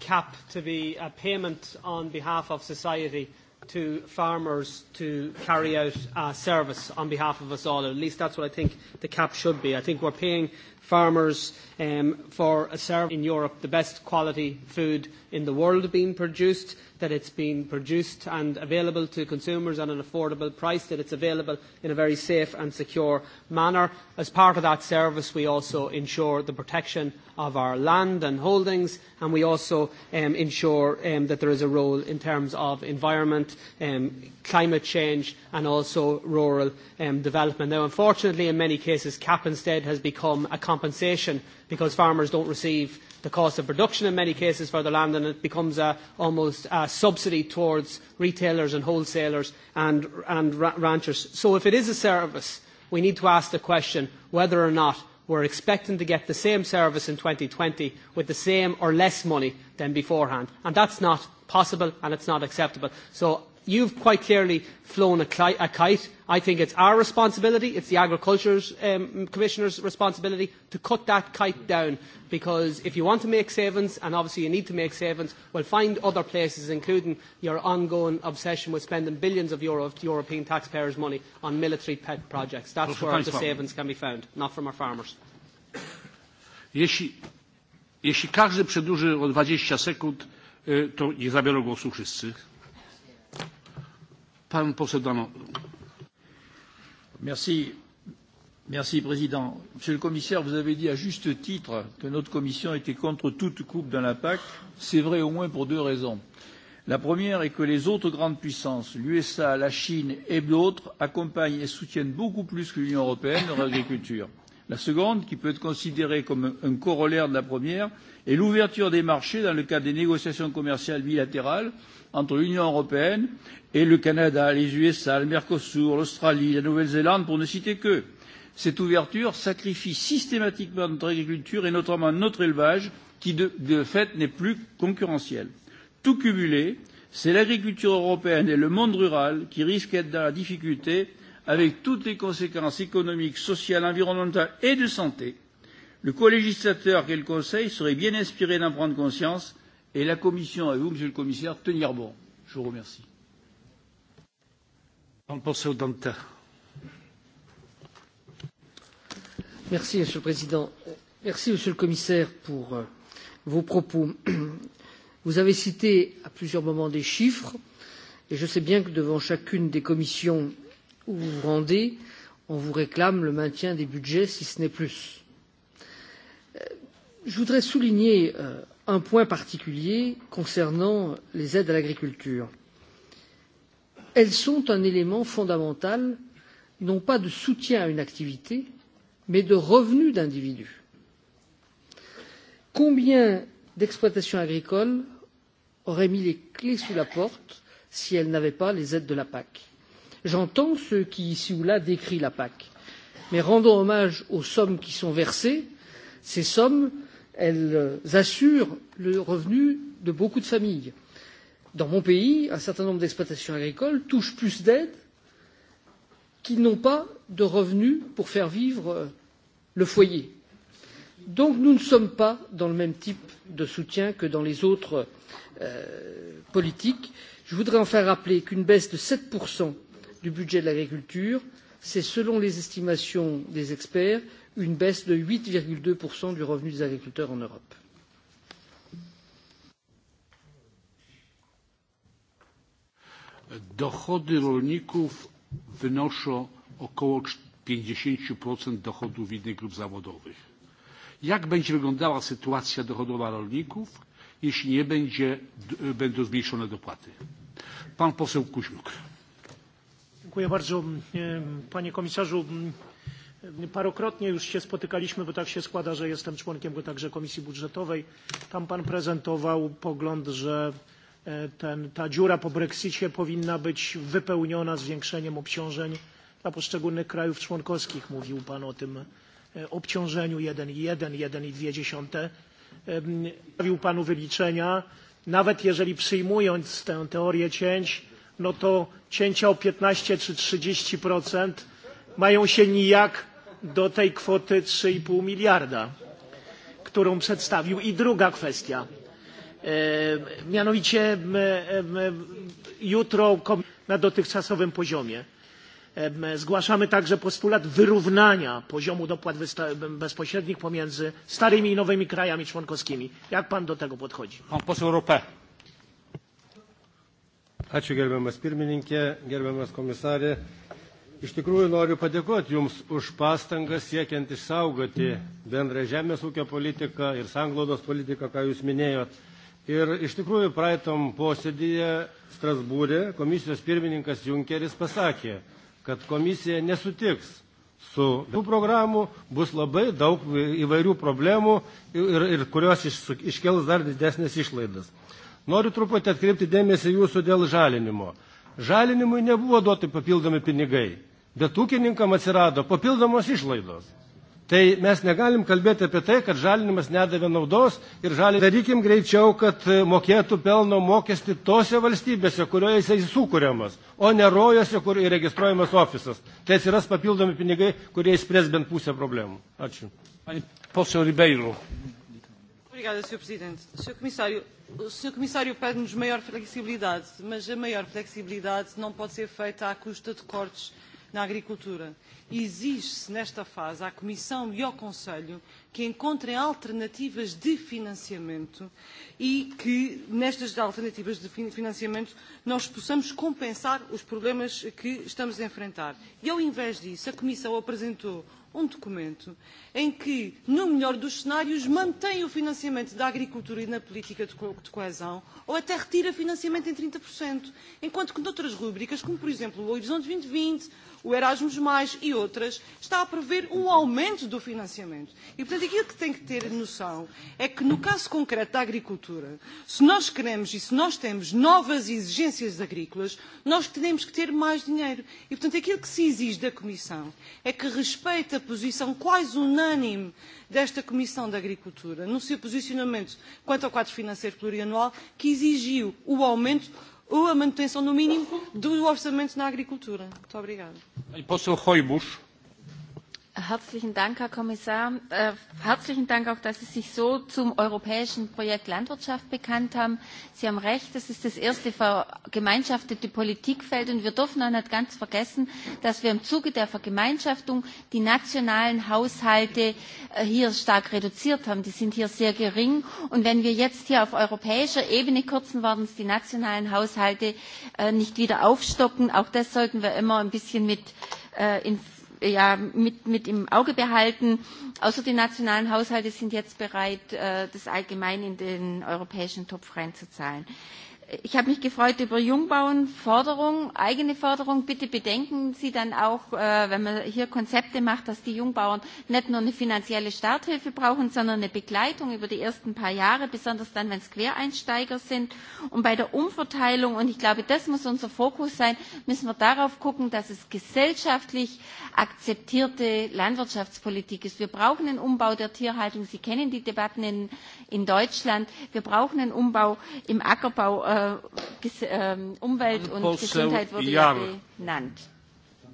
CAP to be a payment on behalf of society to farmers to carry out a service on behalf of us all. At least that's what I think the CAP should be. I think we're paying farmers um, for a serve in Europe, the best quality food in the world being produced that it's been produced and available to consumers at an affordable price, that it's available in a very safe and secure manner. As part of that service, we also ensure the protection of our land and holdings, and we also um, ensure um, that there is a role in terms of environment, um, climate change, and also rural um, development. Now, unfortunately, in many cases, cap instead has become a compensation because farmers don't receive the cost of production in many cases for the land, and it becomes a, almost a subsidy towards retailers and wholesalers and, and ra- ranchers. So if it is a service, we need to ask the question whether or not we're expecting to get the same service in 2020 with the same or less money than beforehand. And that's not possible and it's not acceptable. So you've quite clearly flown a, cli- a kite. I think it's our responsibility, it's the Agriculture um, Commissioner's responsibility to cut that kite down. Because if you want to make savings, and obviously you need to make savings, well, find other places, including your ongoing obsession with spending billions of euro of European taxpayers' money on military pet projects. That's well, where the savings can be found, not from our farmers. Jeśli, jeśli każdy przedłuży o 20 sekund, to nie zabiorą głosu wszyscy. Merci, Président. Monsieur le Commissaire, vous avez dit à juste titre que notre Commission était contre toute coupe dans la PAC. C'est vrai au moins pour deux raisons. La première est que les autres grandes puissances, l'USA, la Chine et d'autres, accompagnent et soutiennent beaucoup plus que l'Union européenne leur agriculture. La seconde, qui peut être considérée comme un corollaire de la première, est l'ouverture des marchés dans le cadre des négociations commerciales bilatérales entre l'Union européenne et le Canada, les USA, le Mercosur, l'Australie, la Nouvelle-Zélande, pour ne citer que. Cette ouverture sacrifie systématiquement notre agriculture et notamment notre élevage, qui de, de fait n'est plus concurrentiel. Tout cumulé, c'est l'agriculture européenne et le monde rural qui risquent d'être dans la difficulté avec toutes les conséquences économiques, sociales, environnementales et de santé, le co-législateur qu'est le Conseil serait bien inspiré d'en prendre conscience et la Commission, et vous, Monsieur le Commissaire, tenir bon. Je vous remercie. Merci, Monsieur le Président. Merci, Monsieur le Commissaire, pour euh, vos propos. Vous avez cité à plusieurs moments des chiffres et je sais bien que devant chacune des commissions où vous vous rendez, on vous réclame le maintien des budgets, si ce n'est plus. Euh, je voudrais souligner euh, un point particulier concernant les aides à l'agriculture. Elles sont un élément fondamental, non pas de soutien à une activité, mais de revenus d'individus. Combien d'exploitations agricoles auraient mis les clés sous la porte si elles n'avaient pas les aides de la PAC? j'entends ceux qui ici ou là décrient la pac mais rendons hommage aux sommes qui sont versées ces sommes elles assurent le revenu de beaucoup de familles. dans mon pays un certain nombre d'exploitations agricoles touchent plus d'aides qu'ils n'ont pas de revenus pour faire vivre euh, le foyer. Donc nous ne sommes pas dans le même type de soutien que dans les autres euh, politiques. Je voudrais enfin rappeler qu'une baisse de 7 du budget de l'agriculture c'est selon les estimations des experts une baisse de huit deux du revenu des agriculteurs en europe. dochody rolników wynoszą około 50% dochodów innych grup zawodowych. Jak będzie wyglądała sytuacja dochodowa rolników, jeśli nie będzie, będą zmniejszone dopłaty? Pan poseł Kuźmuk. Dziękuję. Dziękuję bardzo. E, panie komisarzu, parokrotnie już się spotykaliśmy, bo tak się składa, że jestem członkiem także Komisji Budżetowej. Tam pan prezentował pogląd, że e, ten, ta dziura po Brexicie powinna być wypełniona zwiększeniem obciążeń dla poszczególnych krajów członkowskich. Mówił pan o tym e, obciążeniu 1,1, 1,2. Mówił pan wyliczenia. Nawet jeżeli przyjmując tę teorię cięć, no to cięcia o 15 czy 30% mają się nijak do tej kwoty 3,5 miliarda, którą przedstawił. I druga kwestia. E, mianowicie e, e, jutro na dotychczasowym poziomie. E, zgłaszamy także postulat wyrównania poziomu dopłat bezpośrednich pomiędzy starymi i nowymi krajami członkowskimi. Jak pan do tego podchodzi? Pan poseł Rupe. Ačiū gerbiamas pirmininkė, gerbiamas komisarė. Iš tikrųjų noriu padėkoti Jums už pastangas siekiant išsaugoti bendrą žemės ūkio politiką ir sanglaudos politiką, ką Jūs minėjot. Ir iš tikrųjų praeitom posėdyje Strasbūrė komisijos pirmininkas Junkeris pasakė, kad komisija nesutiks su jų programu, bus labai daug įvairių problemų ir, ir kurios iš, iškels dar didesnės išlaidas. Noriu truputį atkreipti dėmesį jūsų dėl žalinimo. Žalinimui nebuvo duoti papildomi pinigai, bet ūkininkam atsirado papildomos išlaidos. Tai mes negalim kalbėti apie tai, kad žalinimas nedavė naudos ir žalinimas. Darykim greičiau, kad mokėtų pelno mokestį tose valstybėse, kurioje jisai sukūriamas, o ne rojose, kur įregistruojamas ofisas. Tai atsiras papildomi pinigai, kurie išspręs bent pusę problemų. Ačiū. Pane, Obrigada, Sr. Presidente. Sr. Comissário, o Sr. Comissário pede-nos maior flexibilidade, mas a maior flexibilidade não pode ser feita à custa de cortes na agricultura. Exige-se, nesta fase, à Comissão e ao Conselho que encontrem alternativas de financiamento e que, nestas alternativas de financiamento, nós possamos compensar os problemas que estamos a enfrentar. E, ao invés disso, a Comissão apresentou um documento em que, no melhor dos cenários, mantém o financiamento da agricultura e na política de coesão ou até retira financiamento em 30%, enquanto que noutras rubricas, como por exemplo o Horizonte 2020, o Erasmus Mais e outras, está a prever um aumento do financiamento. E, portanto, aquilo que tem que ter noção é que, no caso concreto da agricultura, se nós queremos e se nós temos novas exigências agrícolas, nós temos que ter mais dinheiro. E, portanto, aquilo que se exige da Comissão é que respeite a posição quase unânime desta Comissão da de Agricultura, no seu posicionamento quanto ao quadro financeiro plurianual, que exigiu o aumento ou a manutenção no mínimo do orçamento na agricultura. Herzlichen Dank, Herr Kommissar. Äh, herzlichen Dank auch, dass Sie sich so zum europäischen Projekt Landwirtschaft bekannt haben. Sie haben recht, das ist das erste vergemeinschaftete Politikfeld. Und wir dürfen auch nicht ganz vergessen, dass wir im Zuge der Vergemeinschaftung die nationalen Haushalte äh, hier stark reduziert haben. Die sind hier sehr gering. Und wenn wir jetzt hier auf europäischer Ebene kürzen, werden es die nationalen Haushalte äh, nicht wieder aufstocken. Auch das sollten wir immer ein bisschen mit in ja, mit, mit im Auge behalten. Außer die nationalen Haushalte sind jetzt bereit, äh, das allgemein in den europäischen Topf reinzuzahlen ich habe mich gefreut über Jungbauen, Forderung, eigene Forderung. Bitte bedenken Sie dann auch, äh, wenn man hier Konzepte macht, dass die Jungbauern nicht nur eine finanzielle Starthilfe brauchen, sondern eine Begleitung über die ersten paar Jahre, besonders dann, wenn es Quereinsteiger sind. Und bei der Umverteilung, und ich glaube, das muss unser Fokus sein, müssen wir darauf gucken, dass es gesellschaftlich akzeptierte Landwirtschaftspolitik ist. Wir brauchen einen Umbau der Tierhaltung. Sie kennen die Debatten in, in Deutschland. Wir brauchen einen Umbau im Ackerbau. Äh, Äh, ähm, Umwelt und Gesundheit wurde ja genannt. Ja,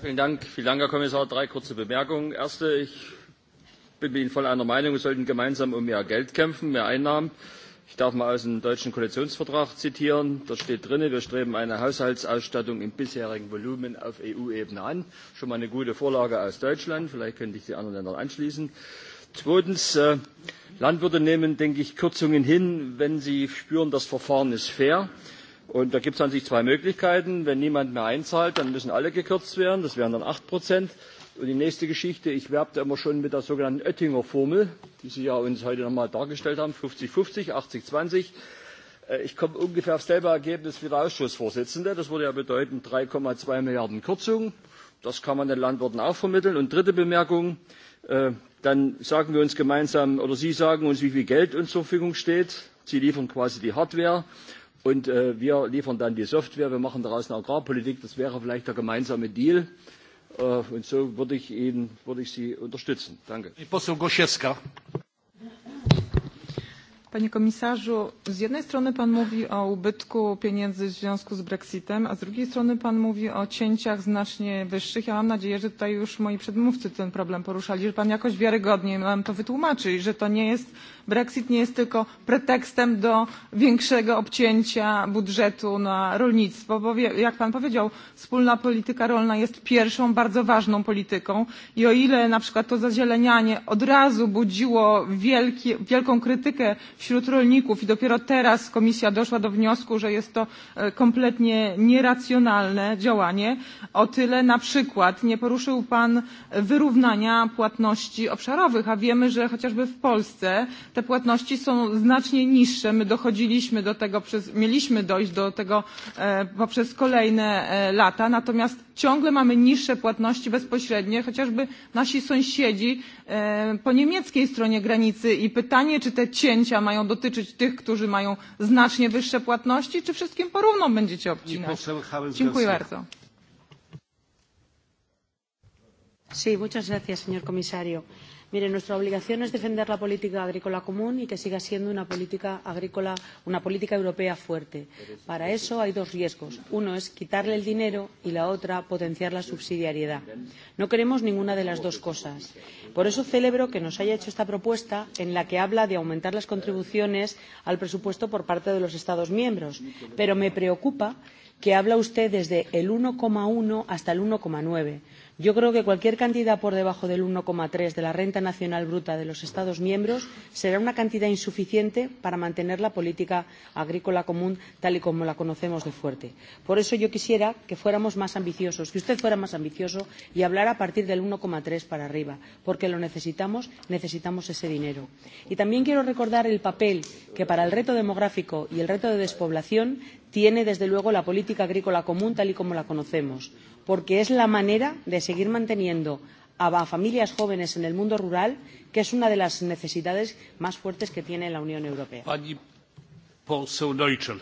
vielen Dank. Vielen Dank, Herr Kommissar. Drei kurze Bemerkungen. Erste, ich bin mit Ihnen voll einer Meinung, wir sollten gemeinsam um mehr Geld kämpfen, mehr Einnahmen. Ich darf mal aus dem deutschen Koalitionsvertrag zitieren. Da steht drin, wir streben eine Haushaltsausstattung im bisherigen Volumen auf EU-Ebene an. Schon mal eine gute Vorlage aus Deutschland. Vielleicht könnte ich die anderen Länder ja anschließen. Äh, Zweitens, äh, Landwirte nehmen, denke ich, Kürzungen hin, wenn sie spüren, das Verfahren ist fair. Und da gibt es an sich zwei Möglichkeiten. Wenn niemand mehr einzahlt, dann müssen alle gekürzt werden. Das wären dann 8 Prozent. Und die nächste Geschichte, ich werbte immer schon mit der sogenannten Oettinger Formel, die Sie ja uns heute nochmal dargestellt haben, 50-50, 80-20. Äh, ich komme ungefähr auf selbe Ergebnis wie der Ausschussvorsitzende. Das würde ja bedeuten 3,2 Milliarden Kürzungen. Das kann man den Landwirten auch vermitteln. Und dritte Bemerkung, äh, dann sagen wir uns gemeinsam oder Sie sagen uns, wie viel Geld uns zur Verfügung steht. Sie liefern quasi die Hardware und äh, wir liefern dann die Software. Wir machen daraus eine Agrarpolitik. Das wäre vielleicht der gemeinsame Deal. Äh, und so würde ich, Ihnen, würde ich Sie unterstützen. Danke. Poseł Gosiewska. Panie komisarzu, z jednej strony pan mówi o ubytku pieniędzy w związku z Brexitem, a z drugiej strony pan mówi o cięciach znacznie wyższych. Ja mam nadzieję, że tutaj już moi przedmówcy ten problem poruszali, że pan jakoś wiarygodnie nam to wytłumaczy i że to nie jest, Brexit nie jest tylko pretekstem do większego obcięcia budżetu na rolnictwo, bo wie, jak pan powiedział, wspólna polityka rolna jest pierwszą bardzo ważną polityką i o ile na przykład to zazielenianie od razu budziło wielki, wielką krytykę wśród rolników i dopiero teraz komisja doszła do wniosku, że jest to e, kompletnie nieracjonalne działanie. O tyle na przykład nie poruszył Pan wyrównania płatności obszarowych, a wiemy, że chociażby w Polsce te płatności są znacznie niższe. My dochodziliśmy do tego, przez, mieliśmy dojść do tego e, poprzez kolejne e, lata, natomiast ciągle mamy niższe płatności bezpośrednie, chociażby nasi sąsiedzi po niemieckiej stronie granicy i pytanie, czy te cięcia mają dotyczyć tych, którzy mają znacznie wyższe płatności, czy wszystkim porówno będziecie obcinać? Dziękuję bardzo. Sí, muchas gracias, señor comisario mire nuestra obligación es defender la política agrícola común y que siga siendo una política agrícola una política europea fuerte. para eso hay dos riesgos uno es quitarle el dinero y el otro potenciar la subsidiariedad. no queremos ninguna de las dos cosas. por eso celebro que nos haya hecho esta propuesta en la que habla de aumentar las contribuciones al presupuesto por parte de los estados miembros pero me preocupa que hable usted desde el uno uno hasta el uno nueve Yo creo que cualquier cantidad por debajo del 1,3 de la renta nacional bruta de los Estados miembros será una cantidad insuficiente para mantener la política agrícola común tal y como la conocemos de fuerte. Por eso yo quisiera que fuéramos más ambiciosos, que usted fuera más ambicioso y hablara a partir del 1,3 para arriba, porque lo necesitamos, necesitamos ese dinero. Y también quiero recordar el papel que para el reto demográfico y el reto de despoblación tiene desde luego la política agrícola común tal y como la conocemos porque es la manera de seguir manteniendo a, a familias jóvenes en el mundo rural, que es una de las necesidades más fuertes que tiene la Unión Europea. Pani poseł Neuchel.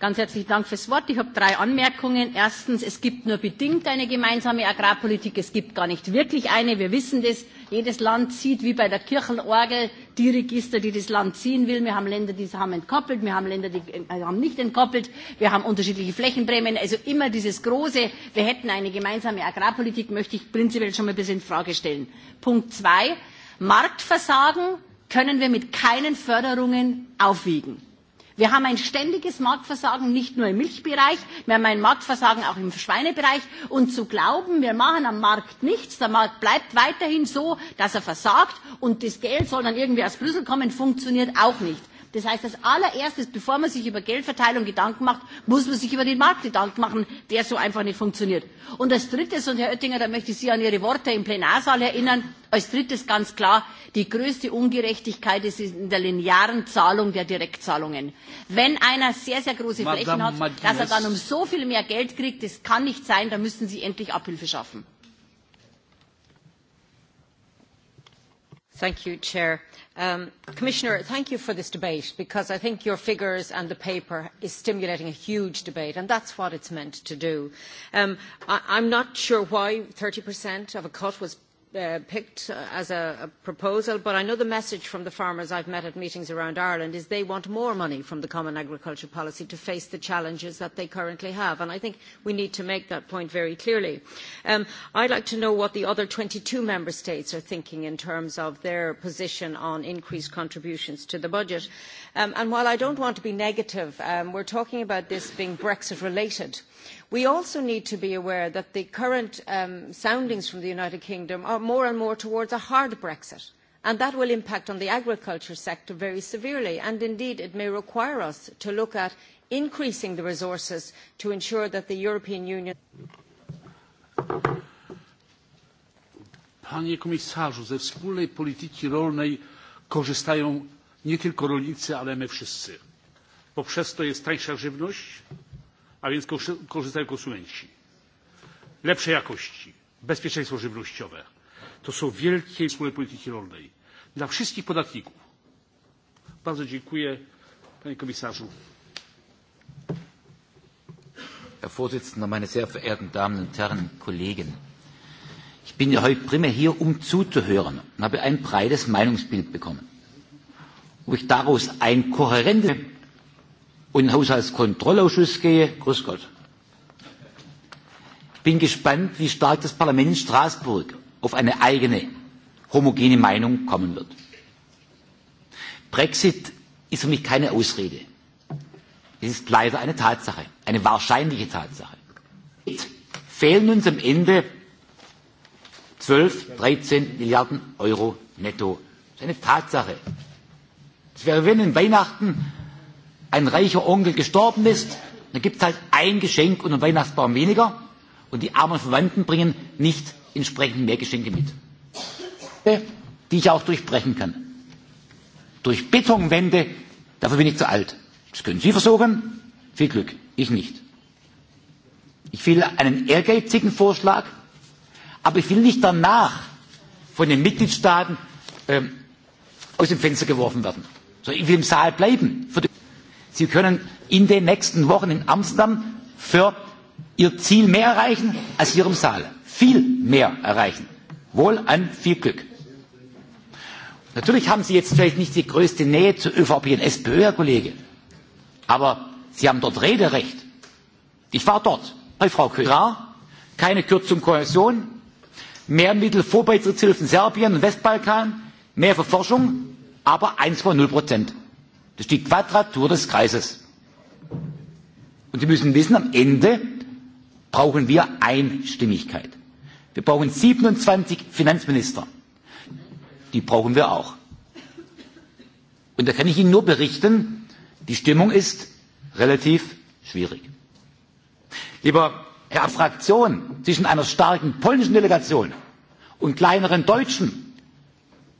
Ganz herzlichen Dank fürs Wort. Ich habe drei Anmerkungen. Erstens, es gibt nur bedingt eine gemeinsame Agrarpolitik. Es gibt gar nicht wirklich eine. Wir wissen das. Jedes Land zieht wie bei der Kirchenorgel die Register, die das Land ziehen will. Wir haben Länder, die haben entkoppelt. Wir haben Länder, die äh, haben nicht entkoppelt. Wir haben unterschiedliche Flächenprämien. Also immer dieses Große. Wir hätten eine gemeinsame Agrarpolitik, möchte ich prinzipiell schon mal ein bisschen in Frage stellen. Punkt zwei. Marktversagen können wir mit keinen Förderungen aufwiegen. Wir haben ein ständiges Marktversagen, nicht nur im Milchbereich, wir haben ein Marktversagen auch im Schweinebereich. Und zu glauben, wir machen am Markt nichts, der Markt bleibt weiterhin so, dass er versagt und das Geld soll dann irgendwie aus Brüssel kommen, funktioniert auch nicht. Das heißt, als allererstes, bevor man sich über Geldverteilung Gedanken macht, muss man sich über den Markt Gedanken machen, der so einfach nicht funktioniert. Und als drittes, und Herr Oettinger, da möchte ich Sie an Ihre Worte im Plenarsaal erinnern, als drittes ganz klar, die größte Ungerechtigkeit ist in der linearen Zahlung der Direktzahlungen. Wenn einer sehr, sehr große Flächen Madame hat, Martinez. dass er dann um so viel mehr Geld kriegt, das kann nicht sein, da müssen Sie endlich Abhilfe schaffen. Um, commissioner thank you for this debate because i think your figures and the paper are stimulating a huge debate and that is what it is meant to do. Um, i am not sure why thirty of a cut was put in place. Uh, picked as a, a proposal, but I know the message from the farmers I've met at meetings around Ireland is they want more money from the Common Agriculture Policy to face the challenges that they currently have. And I think we need to make that point very clearly. Um, I'd like to know what the other 22 member states are thinking in terms of their position on increased contributions to the budget. Um, and while I don't want to be negative, um, we're talking about this being Brexit-related. We also need to be aware that the current um, soundings from the United Kingdom are more and more towards a hard Brexit. And that will impact on the agriculture sector very severely. And indeed, it may require us to look at increasing the resources to ensure that the European Union. Panie komisarzu, ze wspólnej polityki rolnej korzystają nie tylko rolnicy, ale my wszyscy. Poprzez to jest tańsza żywność, a więc korzystają konsumenci lepszej jakości bezpieczeństwo żywnościowe to są wielkie wspólne polityki rolnej dla wszystkich podatników. Bardzo dziękuję panie komisarzu. Herr Vorsitzender, meine sehr verehrten Damen und Herren Kollegen, ich bin ja heute primär hier, um zuzuhören und habe ein breites Meinungsbild bekommen. Ob ich daraus ein kohärentes und in den Haushaltskontrollausschuss gehe, grüß Gott. Ich bin gespannt, wie stark das Parlament in Straßburg auf eine eigene homogene Meinung kommen wird. Brexit ist für mich keine Ausrede. Es ist leider eine Tatsache, eine wahrscheinliche Tatsache. Jetzt fehlen uns am Ende 12, 13 Milliarden Euro netto. Das ist eine Tatsache. Das wäre, wenn in Weihnachten ein reicher onkel gestorben ist dann gibt es halt ein geschenk und einen weihnachtsbaum weniger und die armen verwandten bringen nicht entsprechend mehr geschenke mit äh, die ich auch durchbrechen kann durch betonwände dafür bin ich zu alt das können sie versuchen viel glück ich nicht ich will einen ehrgeizigen vorschlag aber ich will nicht danach von den mitgliedstaaten ähm, aus dem fenster geworfen werden sondern ich will im saal bleiben für die Sie können in den nächsten Wochen in Amsterdam für Ihr Ziel mehr erreichen als hier im Saal. Viel mehr erreichen. Wohl an viel Glück. Natürlich haben Sie jetzt vielleicht nicht die größte Nähe zur ÖVP und SPÖ, Herr Kollege. Aber Sie haben dort Rederecht. Ich war dort bei Frau Kürar. Keine Kürzung Kohäsion. Mehr Mittel Vorbeitrittshilfen Serbien und Westbalkan. Mehr für Forschung. Aber 1,0 Prozent das ist die quadratur des kreises. und sie müssen wissen am ende brauchen wir einstimmigkeit. wir brauchen siebenundzwanzig finanzminister. die brauchen wir auch. und da kann ich ihnen nur berichten die stimmung ist relativ schwierig. lieber herr abfraktion zwischen einer starken polnischen delegation und kleineren deutschen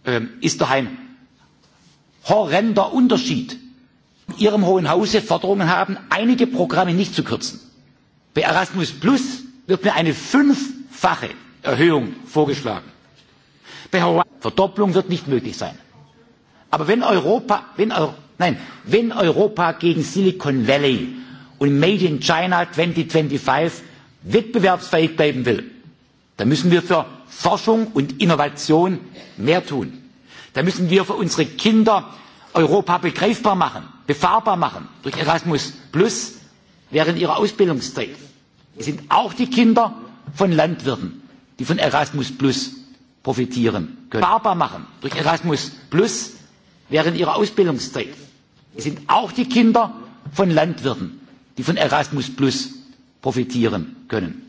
ähm, ist doch ein horrender unterschied in ihrem hohen hause forderungen haben einige programme nicht zu kürzen. bei erasmus wird mir eine fünffache erhöhung vorgeschlagen. bei horizont verdopplung wird nicht möglich sein. aber wenn europa, wenn, nein, wenn europa gegen silicon valley und made in china 2025 wettbewerbsfähig bleiben will dann müssen wir für forschung und innovation mehr tun da müssen wir für unsere kinder europa begreifbar machen befahrbar machen durch erasmus plus während ihrer ausbildungszeit. es sind auch die kinder von landwirten die von erasmus plus profitieren können. befahrbar machen durch erasmus plus während ihrer ausbildungszeit. es sind auch die kinder von landwirten die von erasmus plus profitieren können.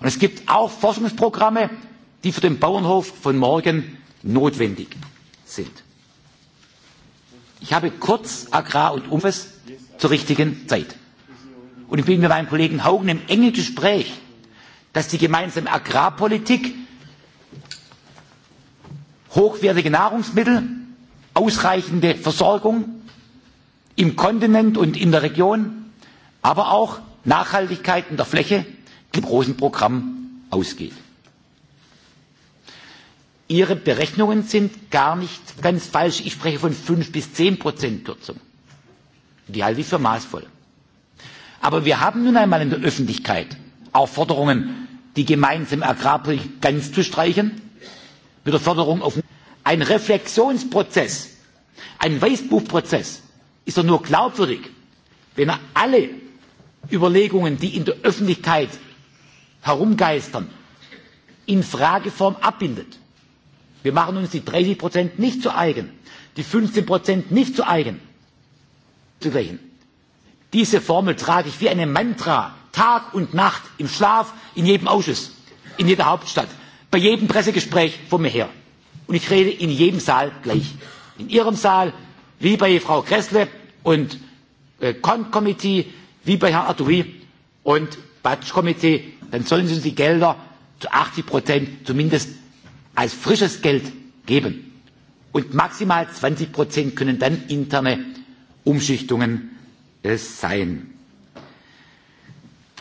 und es gibt auch forschungsprogramme die für den bauernhof von morgen notwendig sind. Ich habe kurz Agrar und Umwelt zur richtigen Zeit. Und ich bin mit meinem Kollegen Haugen im engen Gespräch, dass die gemeinsame Agrarpolitik hochwertige Nahrungsmittel, ausreichende Versorgung im Kontinent und in der Region, aber auch Nachhaltigkeit in der Fläche dem großen Programm ausgeht ihre berechnungen sind gar nicht ganz falsch ich spreche von fünf bis zehn kürzung die halte ich für maßvoll. aber wir haben nun einmal in der öffentlichkeit auch forderungen die gemeinsame agrarpolitik ganz zu streichen mit der förderung auf ein reflexionsprozess ein weißbuchprozess ist doch nur glaubwürdig wenn er alle überlegungen die in der öffentlichkeit herumgeistern in frageform abbildet wir machen uns die dreißig nicht zu eigen die fünfzehn nicht zu eigen zu gleichen. diese formel trage ich wie eine mantra tag und nacht im schlaf in jedem ausschuss in jeder hauptstadt bei jedem pressegespräch vor mir her und ich rede in jedem saal gleich in ihrem saal wie bei frau kressle und con äh, committee wie bei herrn Artoui und batsch committee dann sollen sie uns die gelder zu achtzig zumindest als frisches Geld geben. Und maximal 20 Prozent können dann interne Umschichtungen äh, sein.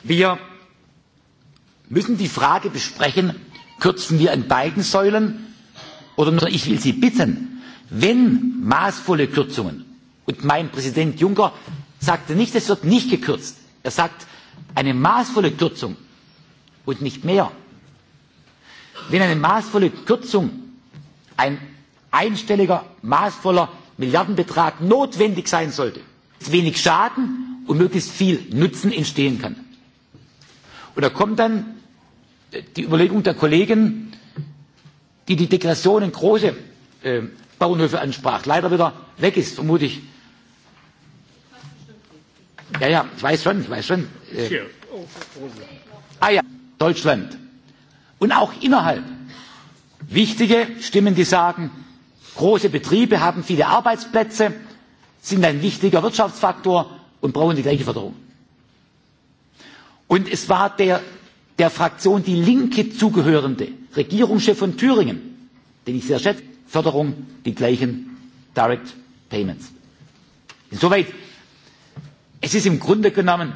Wir müssen die Frage besprechen, kürzen wir an beiden Säulen oder nur ich will Sie bitten, wenn maßvolle Kürzungen und mein Präsident Juncker sagte nicht, es wird nicht gekürzt, er sagt eine maßvolle Kürzung und nicht mehr, wenn eine maßvolle Kürzung, ein einstelliger, maßvoller Milliardenbetrag notwendig sein sollte, wenig Schaden und möglichst viel Nutzen entstehen kann. Und da kommt dann äh, die Überlegung der Kollegen, die die Deklaration in große äh, Bauernhöfe ansprach, leider wieder weg ist, vermute ich. Ja, ja, ich weiß schon, ich weiß schon. Äh, oh, ah ja, Deutschland und auch innerhalb wichtige stimmen die sagen große betriebe haben viele arbeitsplätze sind ein wichtiger wirtschaftsfaktor und brauchen die gleiche förderung. und es war der der fraktion die linke zugehörende regierungschef von thüringen den ich sehr schätze förderung die gleichen direct payments. insoweit es ist im grunde genommen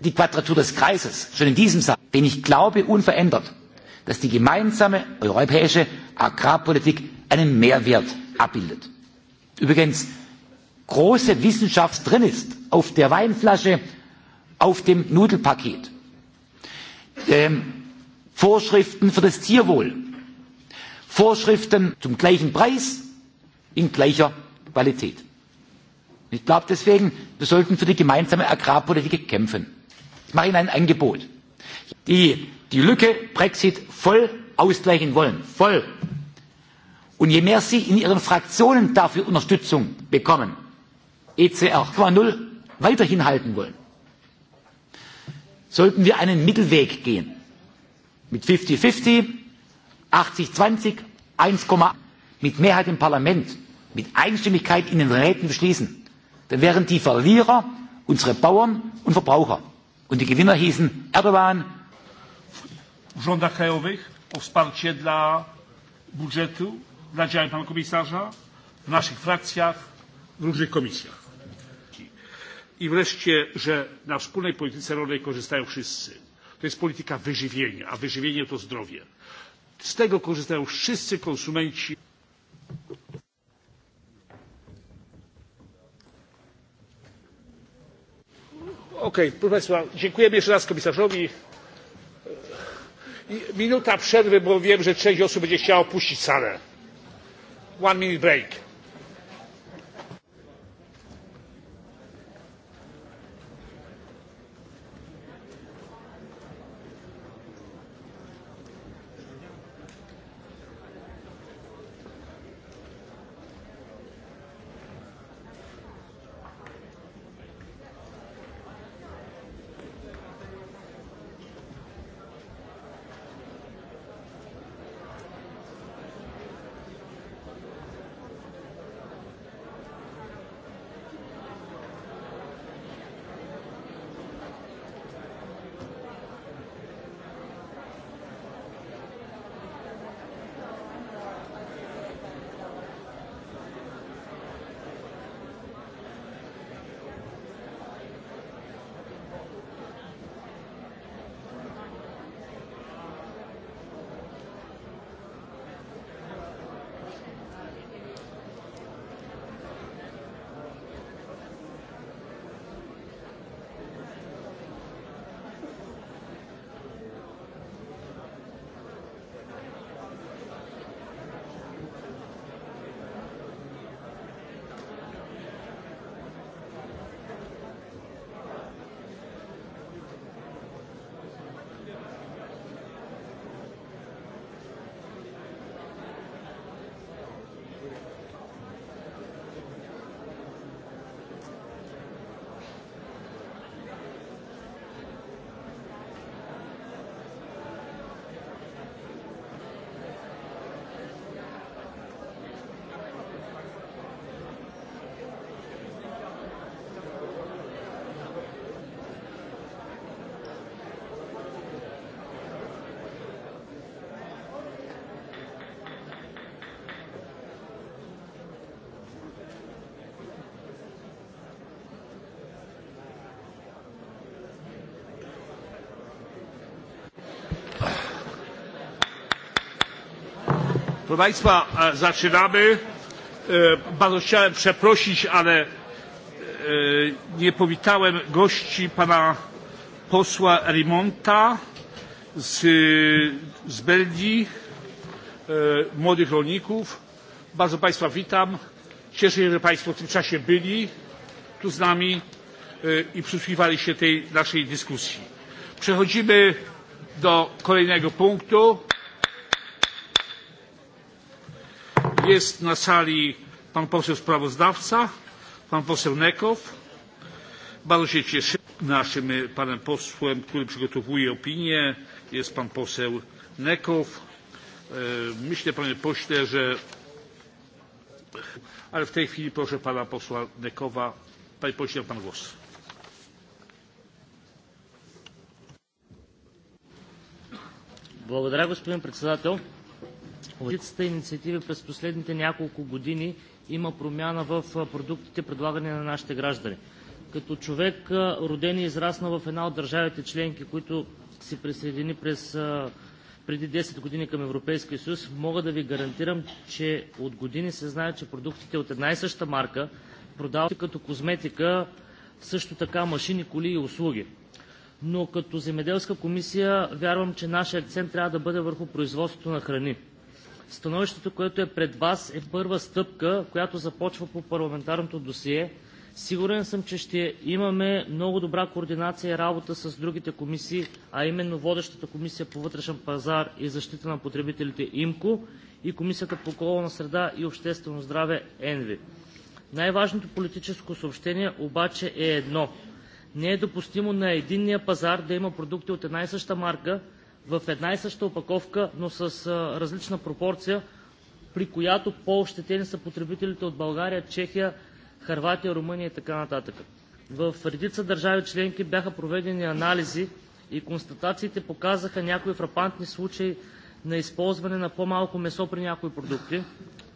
die quadratur des kreises schon in diesem satz den ich glaube unverändert dass die gemeinsame europäische agrarpolitik einen mehrwert abbildet. übrigens große wissenschaft drin ist auf der weinflasche auf dem nudelpaket ähm, vorschriften für das tierwohl vorschriften zum gleichen preis in gleicher qualität. ich glaube deswegen wir sollten für die gemeinsame agrarpolitik kämpfen. ich mache ihnen ein angebot die die lücke brexit voll ausgleichen wollen voll und je mehr sie in ihren fraktionen dafür unterstützung bekommen ecr null weiterhin halten wollen sollten wir einen mittelweg gehen mit fifty fifty achtzig zwanzig eins mit mehrheit im parlament mit einstimmigkeit in den räten beschließen dann wären die verlierer unsere bauern und verbraucher und die gewinner hießen erdoan w rządach krajowych o wsparcie dla budżetu, dla działań pana komisarza, w naszych frakcjach, w różnych komisjach. I wreszcie, że na wspólnej polityce rolnej korzystają wszyscy. To jest polityka wyżywienia, a wyżywienie to zdrowie. Z tego korzystają wszyscy konsumenci. Okej, okay, proszę Państwa, dziękujemy jeszcze raz komisarzowi minuta przerwy bo wiem że część osób będzie chciała opuścić salę one minute break. Proszę Państwa, e, zaczynamy. E, bardzo chciałem przeprosić, ale e, nie powitałem gości pana posła Rimonta z, z Belgii, młodych rolników. Bardzo Państwa witam. Cieszę się, że Państwo w tym czasie byli tu z nami i przysłuchiwali się tej naszej dyskusji. Przechodzimy do kolejnego punktu. jest na sali pan poseł sprawozdawca pan poseł nekow bardzo się cieszę naszym panem posłem który przygotowuje opinię jest pan poseł nekow e, myślę panie pośle że ale w tej chwili proszę pana posła nekowa panie pośle pan głos Благодаря, господин председател. Лицата инициатива през последните няколко години има промяна в продуктите, предлагани на нашите граждани. Като човек, роден и израснал в една от държавите членки, които се присъедини през, преди 10 години към Европейския съюз, мога да ви гарантирам, че от години се знае, че продуктите от една и съща марка продават като козметика, също така машини, коли и услуги. Но като земеделска комисия вярвам, че нашия акцент трябва да бъде върху производството на храни. Становището, което е пред вас, е първа стъпка, която започва по парламентарното досие. Сигурен съм, че ще имаме много добра координация и работа с другите комисии, а именно водещата комисия по вътрешен пазар и защита на потребителите ИМКО и комисията по околна среда и обществено здраве ЕНВИ. Най-важното политическо съобщение обаче е едно. Не е допустимо на единния пазар да има продукти от една и съща марка, в една и съща опаковка, но с а, различна пропорция, при която по-ощетени са потребителите от България, Чехия, Харватия, Румъния и така нататък. В редица държави членки бяха проведени анализи и констатациите показаха някои фрапантни случаи на използване на по-малко месо при някои продукти,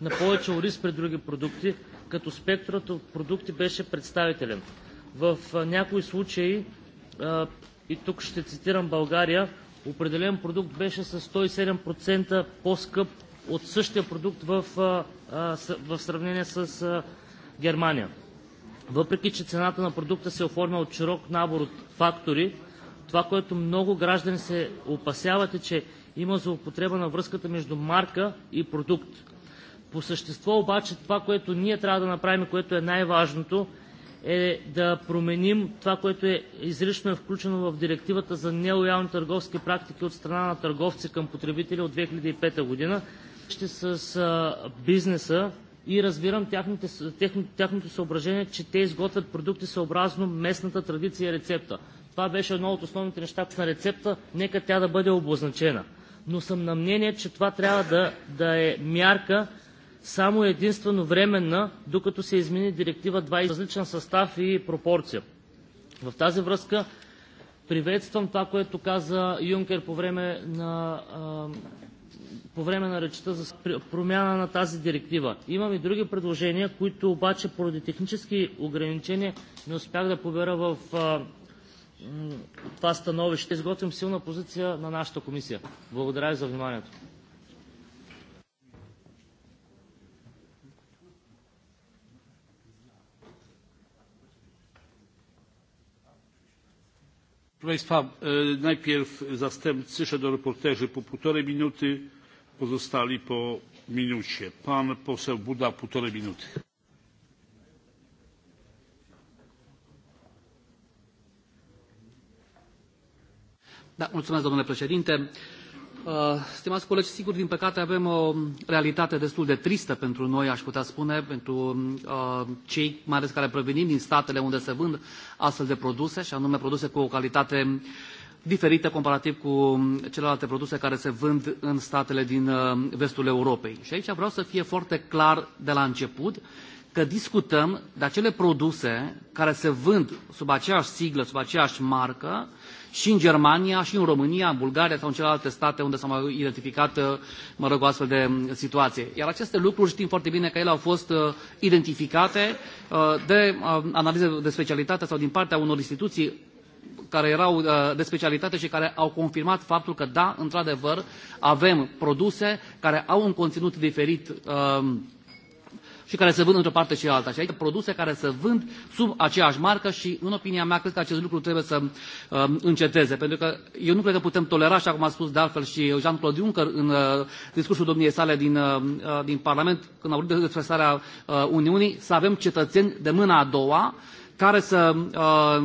на повече ориз при други продукти, като спектрът от продукти беше представителен. В някои случаи, и тук ще цитирам България, определен продукт беше с 107% по-скъп от същия продукт в, в сравнение с Германия. Въпреки, че цената на продукта се оформя от широк набор от фактори, това, което много граждани се опасяват е, че има злоупотреба на връзката между марка и продукт. По същество обаче това, което ние трябва да направим, което е най-важното, е да променим това, което е изрично е включено в директивата за нелоялни търговски практики от страна на търговци към потребители от 2005 година. Ще с а, бизнеса и разбирам тяхните, техно, тяхното съображение, че те изготвят продукти съобразно местната традиция и рецепта. Това беше едно от основните неща на рецепта, нека тя да бъде обозначена. Но съм на мнение, че това трябва да, да е мярка, само единствено временна, докато се измени директива 20, различен състав и пропорция. В тази връзка приветствам това, което каза Юнкер по време на, по време на речта за промяна на тази директива. Имам и други предложения, които обаче поради технически ограничения не успях да побера в това становище. Изготвим силна позиция на нашата комисия. Благодаря ви за вниманието. Proszę Państwa, e, najpierw zastępcy, szedoreporterzy po półtorej minuty, pozostali po minucie. Pan poseł Buda półtorej minuty. Da, mulțumesc, domnule președinte. Uh, stimați colegi, sigur, din păcate avem o realitate destul de tristă pentru noi, aș putea spune, pentru um, uh, cei mai ales care provenim din statele unde se vând astfel de produse, și anume produse cu o calitate diferită comparativ cu um, celelalte produse care se vând în statele din uh, vestul Europei. Și aici vreau să fie foarte clar de la început că discutăm de acele produse care se vând sub aceeași siglă, sub aceeași marcă, uh, și în Germania, și în România, în Bulgaria sau în celelalte state unde s-au mai identificat, uh, mă rog, astfel de mm, situație. Iar aceste lucruri știm foarte bine că ele au fost uh, identificate uh, de analize de specialitate sau din partea unor instituții care erau de specialitate și care au confirmat faptul că, da, într-adevăr, avem produse care au un conținut diferit uh, și care se vând într-o parte și alta. Și aici produse care se vând sub aceeași marcă și, în opinia mea, cred că acest lucru trebuie să uh, înceteze. Pentru că eu nu cred că putem tolera, așa cum a spus de altfel și Jean-Claude Juncker în uh, discursul domniei sale din, uh, uh din Parlament, când a vorbit despre starea uh, Uniunii, să avem cetățeni de mâna a doua care să, uh,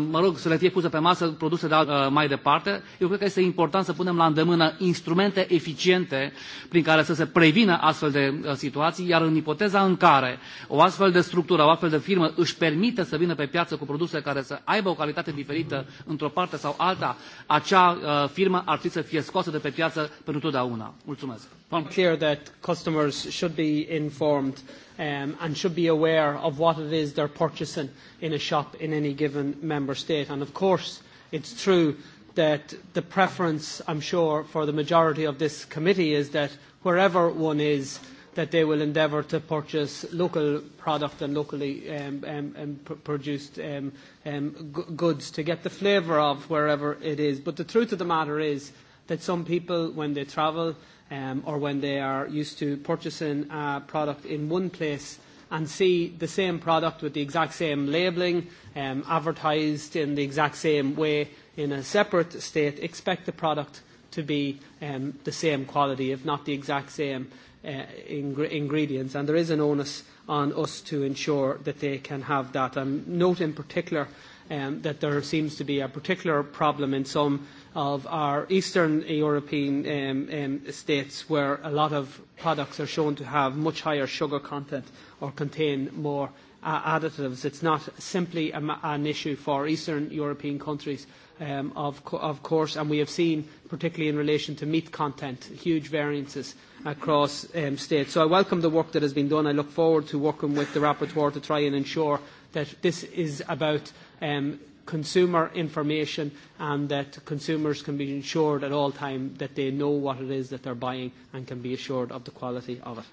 mă rog, să le fie puse pe masă produse de, uh, mai departe. Eu cred că este important să punem la îndemână instrumente eficiente prin care să se prevină astfel de uh, situații, iar în ipoteza în care o astfel de structură, o astfel de firmă își permite să vină pe piață cu produse care să aibă o calitate diferită într-o parte sau alta, acea firmă ar trebui să fie scoasă de pe piață pentru totdeauna. Mulțumesc unclear that customers should be informed um, and should be aware of what it is they're purchasing in a shop in any given member state. And of course, it's true that the preference, I'm sure, for the majority of this committee is that wherever one is, that they will endeavour to purchase local product and locally um, um, um, pr- produced um, um, g- goods to get the flavour of wherever it is. But the truth of the matter is that some people, when they travel, Um, or when they are used to purchasing a product in one place and see the same product with the exact same labeling um, advertised in the exact same way in a separate state, expect the product to be um, the same quality, if not the exact same uh, ing- ingredients. And there is an onus on us to ensure that they can have that. And note in particular um, that there seems to be a particular problem in some of our Eastern European um, um, states where a lot of products are shown to have much higher sugar content or contain more uh, additives. It's not simply a, an issue for Eastern European countries, um, of, co- of course, and we have seen, particularly in relation to meat content, huge variances across um, states. So I welcome the work that has been done. I look forward to working with the rapporteur to try and ensure that this is about. Um, consumer information and that consumers can be ensured at all time that they know what it is that they're buying and can be assured of the quality of it.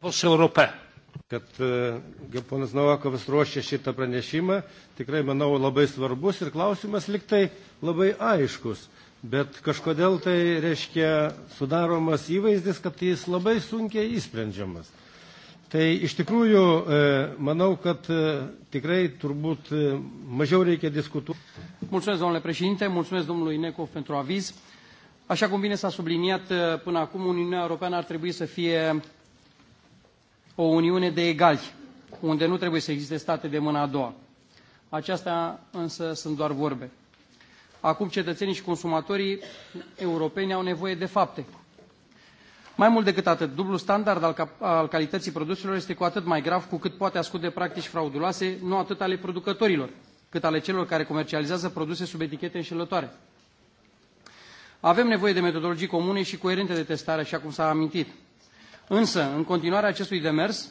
Pas Europa. Kad e, Gepanas Novakovas ruošia šitą pranešimą, tikrai manau labai svarbus ir klausimas liktai labai aiškus. Bet kažkodėl tai reiškia sudaromas įvaizdis, kad jis labai sunkiai įsprendžiamas. Tai iš tikrųjų, e, manau, kad e, tikrai turbūt e, mažiau reikia diskutuoti. Așa cum bine s-a subliniat până acum, Uniunea Europeană ar trebui să fie o Uniune de egali, unde nu trebuie să existe state de mâna a doua. Aceasta însă sunt doar vorbe. Acum cetățenii și consumatorii europeni au nevoie de fapte, Mai mult decât atât, dublul standard al, al calității produselor este cu atât mai grav cu cât poate ascunde practici frauduloase, nu atât ale producătorilor, cât ale celor care comercializează produse sub etichete înșelătoare. Avem nevoie de metodologii comune și coerente de testare, așa cum s-a amintit. Însă, în continuarea acestui demers,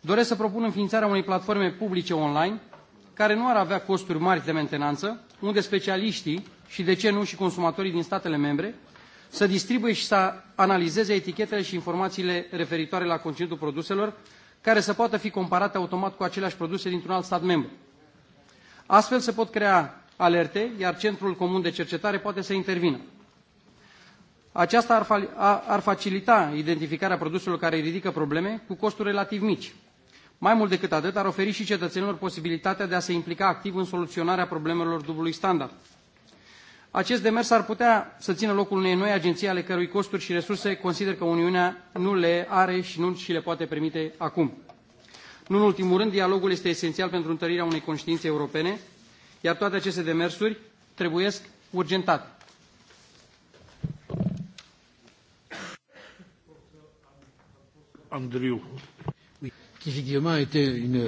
doresc să propun înființarea unei platforme publice online care nu ar avea costuri mari de mentenanță, unde specialiștii și, de ce nu, și consumatorii din statele membre să distribuie și să analizeze etichetele și informațiile referitoare la conținutul produselor, care să poată fi comparate automat cu aceleași produse dintr-un alt stat membru. Astfel se pot crea alerte, iar Centrul Comun de Cercetare poate să intervină. Aceasta ar, fa ar facilita identificarea produselor care ridică probleme cu costuri relativ mici. Mai mult decât atât, ar oferi și cetățenilor posibilitatea de a se implica activ în soluționarea problemelor dublului standard. Acest demers ar putea să țină locul unei noi agenții ale cărui costuri și resurse consider că Uniunea nu le are și nu și le poate permite acum. Nu în ultimul rând, dialogul este esențial pentru întărirea unei conștiințe europene, iar toate aceste demersuri trebuiesc urgentat. Andriu effectivement été une,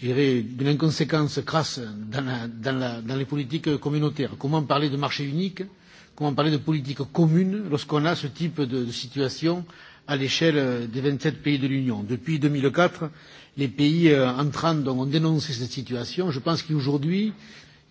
je dirais, une inconséquence crasse dans, la, dans, la, dans les politiques communautaires. Comment parler de marché unique Comment parler de politique commune lorsqu'on a ce type de, de situation à l'échelle des 27 pays de l'Union Depuis 2004, les pays euh, entrants ont dénoncé cette situation. Je pense qu'aujourd'hui,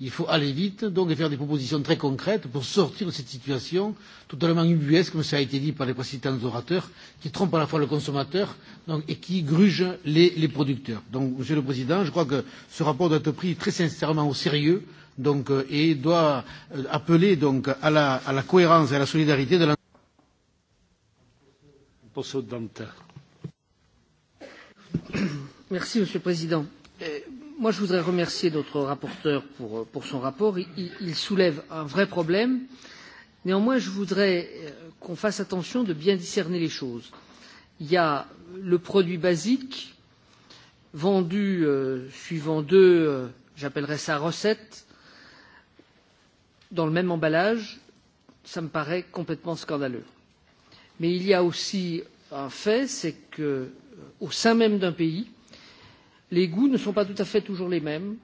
Il faut aller vite donc, et faire des propositions très concrètes pour sortir de cette situation totalement ubuesque, comme ça a été dit par les précédents orateurs, qui trompe à la fois le consommateur donc, et qui gruge les, les producteurs. Donc, Monsieur le Président, je crois que ce rapport doit être pris très sincèrement au sérieux donc, euh, et doit euh, appeler donc, à, la, à la cohérence et à la solidarité de l'ensemble. Merci Monsieur le Président moi je voudrais remercier notre rapporteur pour son rapport il soulève un vrai problème. néanmoins je voudrais euh, qu'on fasse attention de bien discerner les choses. il y a le produit basique vendu euh, suivant deux euh, j'appellerais ça recettes dans le même emballage ça me paraît complètement scandaleux. mais il y a aussi un fait c'est qu'au sein même d'un pays les goûts ne sont pas tout à fait toujours les mêmes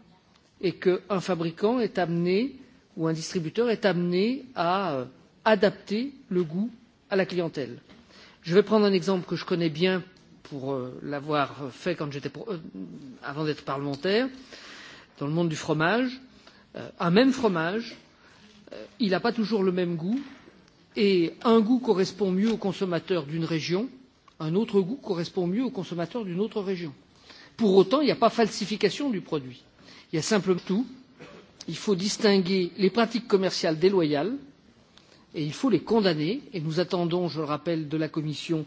et qu'un fabricant est amené ou un distributeur est amené à euh, adapter le goût à la clientèle. Je vais prendre un exemple que je connais bien pour euh, l'avoir fait quand j'étais pour, euh, avant d'être parlementaire dans le monde du fromage. Euh, un même fromage, euh, il n'a pas toujours le même goût et un goût correspond mieux aux consommateurs d'une région, un autre goût correspond mieux aux consommateurs d'une autre région pour autant il n'y a pas falsification du produit il y a simplement tout il faut distinguer les pratiques commerciales déloyales et il faut les condamner et nous attendons je le rappelle de la commission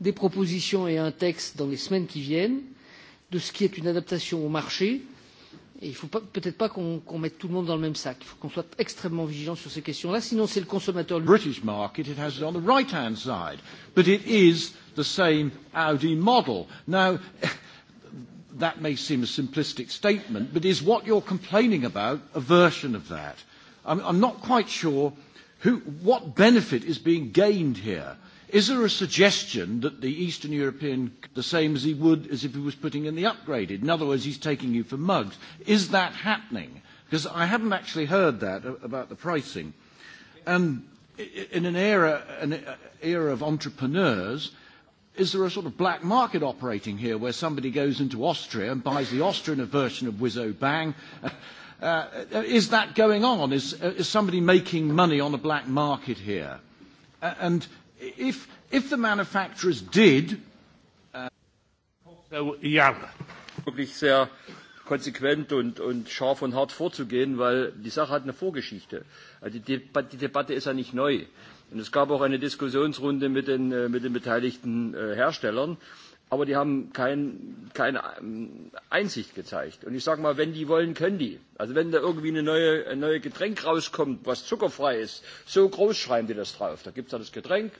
des propositions et un texte dans les semaines qui viennent de ce qui est une adaptation au marché et il ne faut peut être pas qu'on qu mette tout le monde dans le même sac il faut qu'on soit extrêmement vigilant sur ces questions là sinon c'est le consommateur lui british market it has it on the right hand side but it is the same audi model now that may seem a simplistic statement, but is what you're complaining about a version of that? I'm, I'm not quite sure who, what benefit is being gained here. Is there a suggestion that the Eastern European, the same as he would as if he was putting in the upgraded? In other words, he's taking you for mugs. Is that happening? Because I haven't actually heard that about the pricing. And um, in an era, an uh, era of entrepreneurs, uh, is there a sort of black market operating here where somebody goes into Austria and buys the Austrian version of Wizzo Bang? Uh, uh is that going on? Is, uh, is somebody making money on a black market here? Uh, and if, if the manufacturers did. Uh ja. Wirklich sehr konsequent und, und scharf und hart vorzugehen, weil die Sache hat eine Vorgeschichte. Also die, die Debatte ist ja nicht neu. Und es gab auch eine Diskussionsrunde mit den, äh, mit den beteiligten äh, Herstellern. Aber die haben keine kein ähm, Einsicht gezeigt. Und ich sage mal, wenn die wollen, können die. Also wenn da irgendwie eine neue, ein neues Getränk rauskommt, was zuckerfrei ist, so groß schreiben die das drauf. Da gibt es ja das Getränk,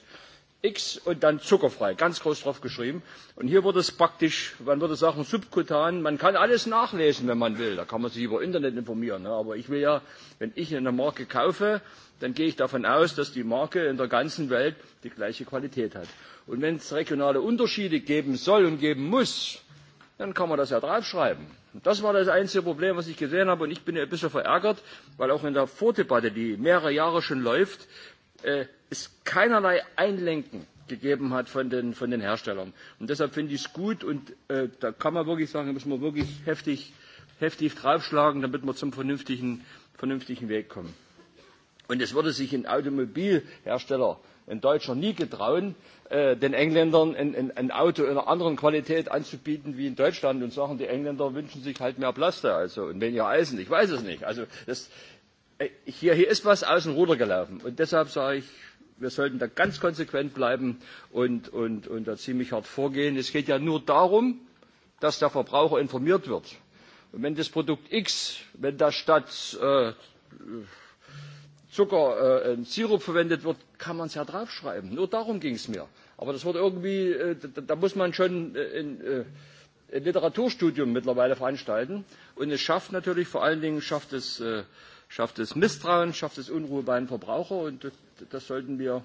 X und dann zuckerfrei, ganz groß drauf geschrieben. Und hier wurde es praktisch, man würde sagen, subkutan. Man kann alles nachlesen, wenn man will. Da kann man sich über Internet informieren. Ne? Aber ich will ja, wenn ich eine Marke kaufe, dann gehe ich davon aus, dass die Marke in der ganzen Welt die gleiche Qualität hat. Und wenn es regionale Unterschiede geben soll und geben muss, dann kann man das ja draufschreiben. Und das war das einzige Problem, was ich gesehen habe. Und ich bin ja ein bisschen verärgert, weil auch in der Vordebatte, die mehrere Jahre schon läuft, äh, es keinerlei Einlenken gegeben hat von den, von den Herstellern. Und deshalb finde ich es gut und äh, da kann man wirklich sagen, da müssen wir wirklich heftig, heftig draufschlagen, damit wir zum vernünftigen, vernünftigen Weg kommen. Und es würde sich ein Automobilhersteller, ein Deutscher, nie getrauen, äh, den Engländern ein, ein, ein Auto in einer anderen Qualität anzubieten wie in Deutschland und sagen, die Engländer wünschen sich halt mehr Plaster also, und weniger Eisen. Ich weiß es nicht. Also das, äh, hier, hier ist was aus dem Ruder gelaufen. Und deshalb sage ich, wir sollten da ganz konsequent bleiben und, und, und da ziemlich hart vorgehen. Es geht ja nur darum, dass der Verbraucher informiert wird. Und wenn das Produkt X, wenn da statt äh, Zucker äh, ein Sirup verwendet wird, kann man es ja draufschreiben. Nur darum ging es mir. Aber das wird irgendwie, äh, da, da muss man schon äh, in, äh, ein Literaturstudium mittlerweile veranstalten. Und es schafft natürlich vor allen Dingen, schafft es äh, schafft es Misstrauen, schafft es Unruhe bei den Verbrauchern und das sollten wir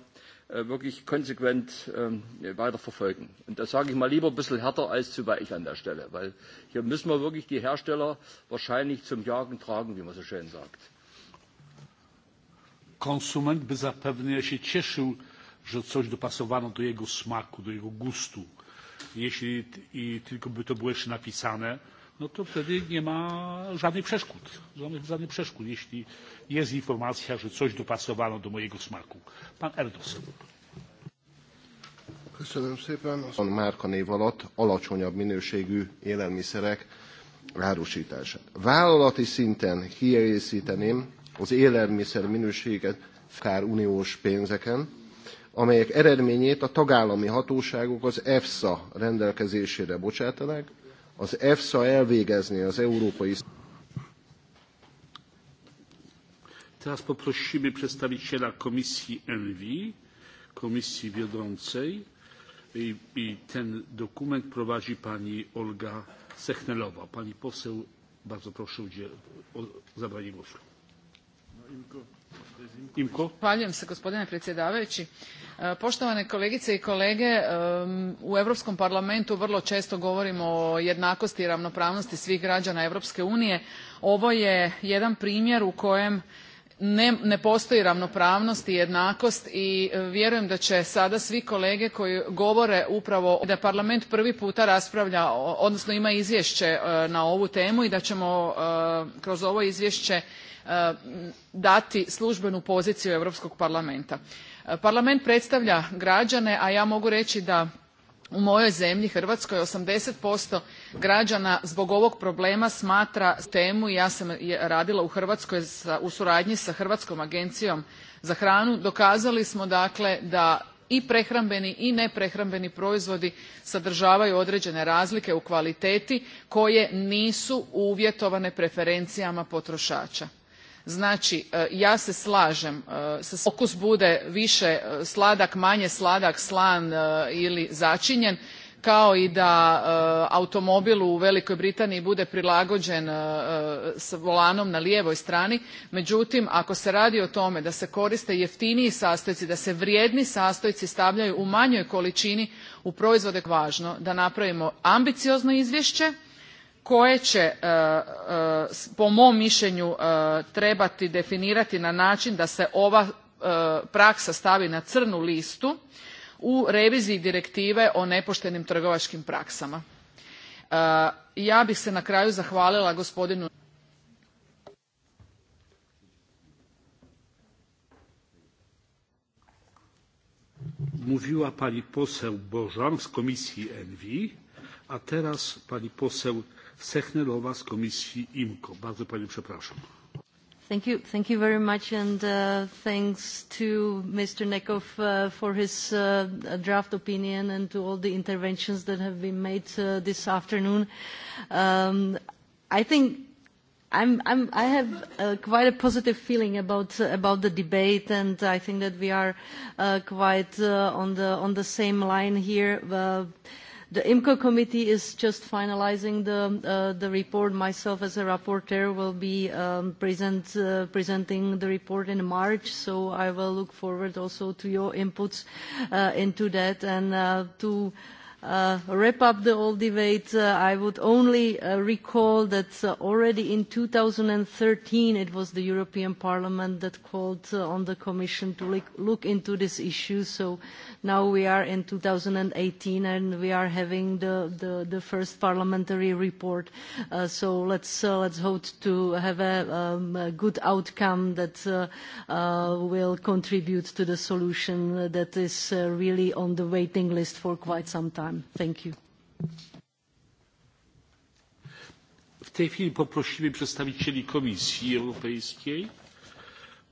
äh, wirklich konsequent ähm, weiterverfolgen. Und das sage ich mal lieber ein bisschen härter als zu bei ich an der Stelle, weil hier müssen wir wirklich die Hersteller wahrscheinlich zum Jagen tragen, wie man so schön sagt. Konsument by zapewne się cieszył, że coś dopasowano do jego smaku, do jego gustu, jeśli i tylko by to było jeszcze napisane no to wtedy nie ma żadnych przeszkód, żadnych, żadnych przeszkód, jeśli jest informacja, że coś dopasowano do mojego smaku. Pan Erdos. Köszönöm szépen. A márka név alatt alacsonyabb minőségű élelmiszerek árusítását. Vállalati szinten kiegészíteném az élelmiszer minőséget kár uniós pénzeken, amelyek eredményét a tagállami hatóságok az EFSA rendelkezésére bocsátanák, az EFSA elvégezni az európai Teraz poprosimy przedstawiciela Komisji Envi, Komisji Wiodącej I, i ten dokument prowadzi pani Olga Sechnelowa. Pani poseł, bardzo proszę o zabranie głosu. No, Zahvaljujem se gospodine predsjedavajući. E, poštovane kolegice i kolege, e, u Europskom parlamentu vrlo često govorimo o jednakosti i ravnopravnosti svih građana Europske unije. Ovo je jedan primjer u kojem ne postoji ravnopravnost i jednakost i e, vjerujem da će sada svi kolege koji govore upravo o tome da parlament prvi puta raspravlja odnosno ima izvješće e, na ovu temu i da ćemo e, kroz ovo izvješće dati službenu poziciju europskog parlamenta. parlament predstavlja građane a ja mogu reći da u mojoj zemlji hrvatskoj eighty graana zbog ovog problema smatra temu ja sam radila u hrvatskoj u suradnji s hrvatskom agencijom za hranu dokazali smo dakle da i prehrambeni i neprehrambeni proizvodi sadravaju odreene razlike u kvaliteti koje nisu uvjetovane preferencijama potroaa znači e, ja se slažem e, okus bude više e, sladak manje sladak slan ili začinjen kao i da automobil u velikoj britaniji bude prilagođen s volanom na lijevoj strani međutim ako se radi o tome da se koriste jeftiniji sastojci da se vrijedni sastojci stavljaju u manjoj količini u proizvode važno da napravimo ambiciozno izvješće koje će e, e, po mom mišljenju e, trebati definirati na način da se ova praksa stavi na crnu listu u reviziji direktive o nepoštenim trgovačkim praksama. Ja bih se na kraju zahvalila gospodinu Mówiła pani poseł Bożam z komisji Envi, a teraz pani poseł fjellner z komisji imco. bardzo panią przepraszam. Thank you. Thank you very much, and uh, thanks to Mr. Nekov uh, for his uh, draft opinion and to all the interventions that have been made uh, this afternoon. Um, I think I'm, I'm, I have uh, quite a positive feeling about, uh, about the debate, and I think that we are uh, quite uh, on, the, on the same line here. Uh, The IMCA committee is just finalizing the uh, the report. Myself, as a rapporteur, will be um, present uh, presenting the report in March. So I will look forward also to your inputs uh, into that and uh, to uh, wrap up the old debate, uh, I would only uh, recall that uh, already in 2013 it was the European Parliament that called uh, on the Commission to look, look into this issue. So now we are in 2018 and we are having the, the, the first parliamentary report. Uh, so let's, uh, let's hope to have a, um, a good outcome that uh, uh, will contribute to the solution that is uh, really on the waiting list for quite some time program. Thank you. W tej chwili poprosimy przedstawicieli Komisji Europejskiej.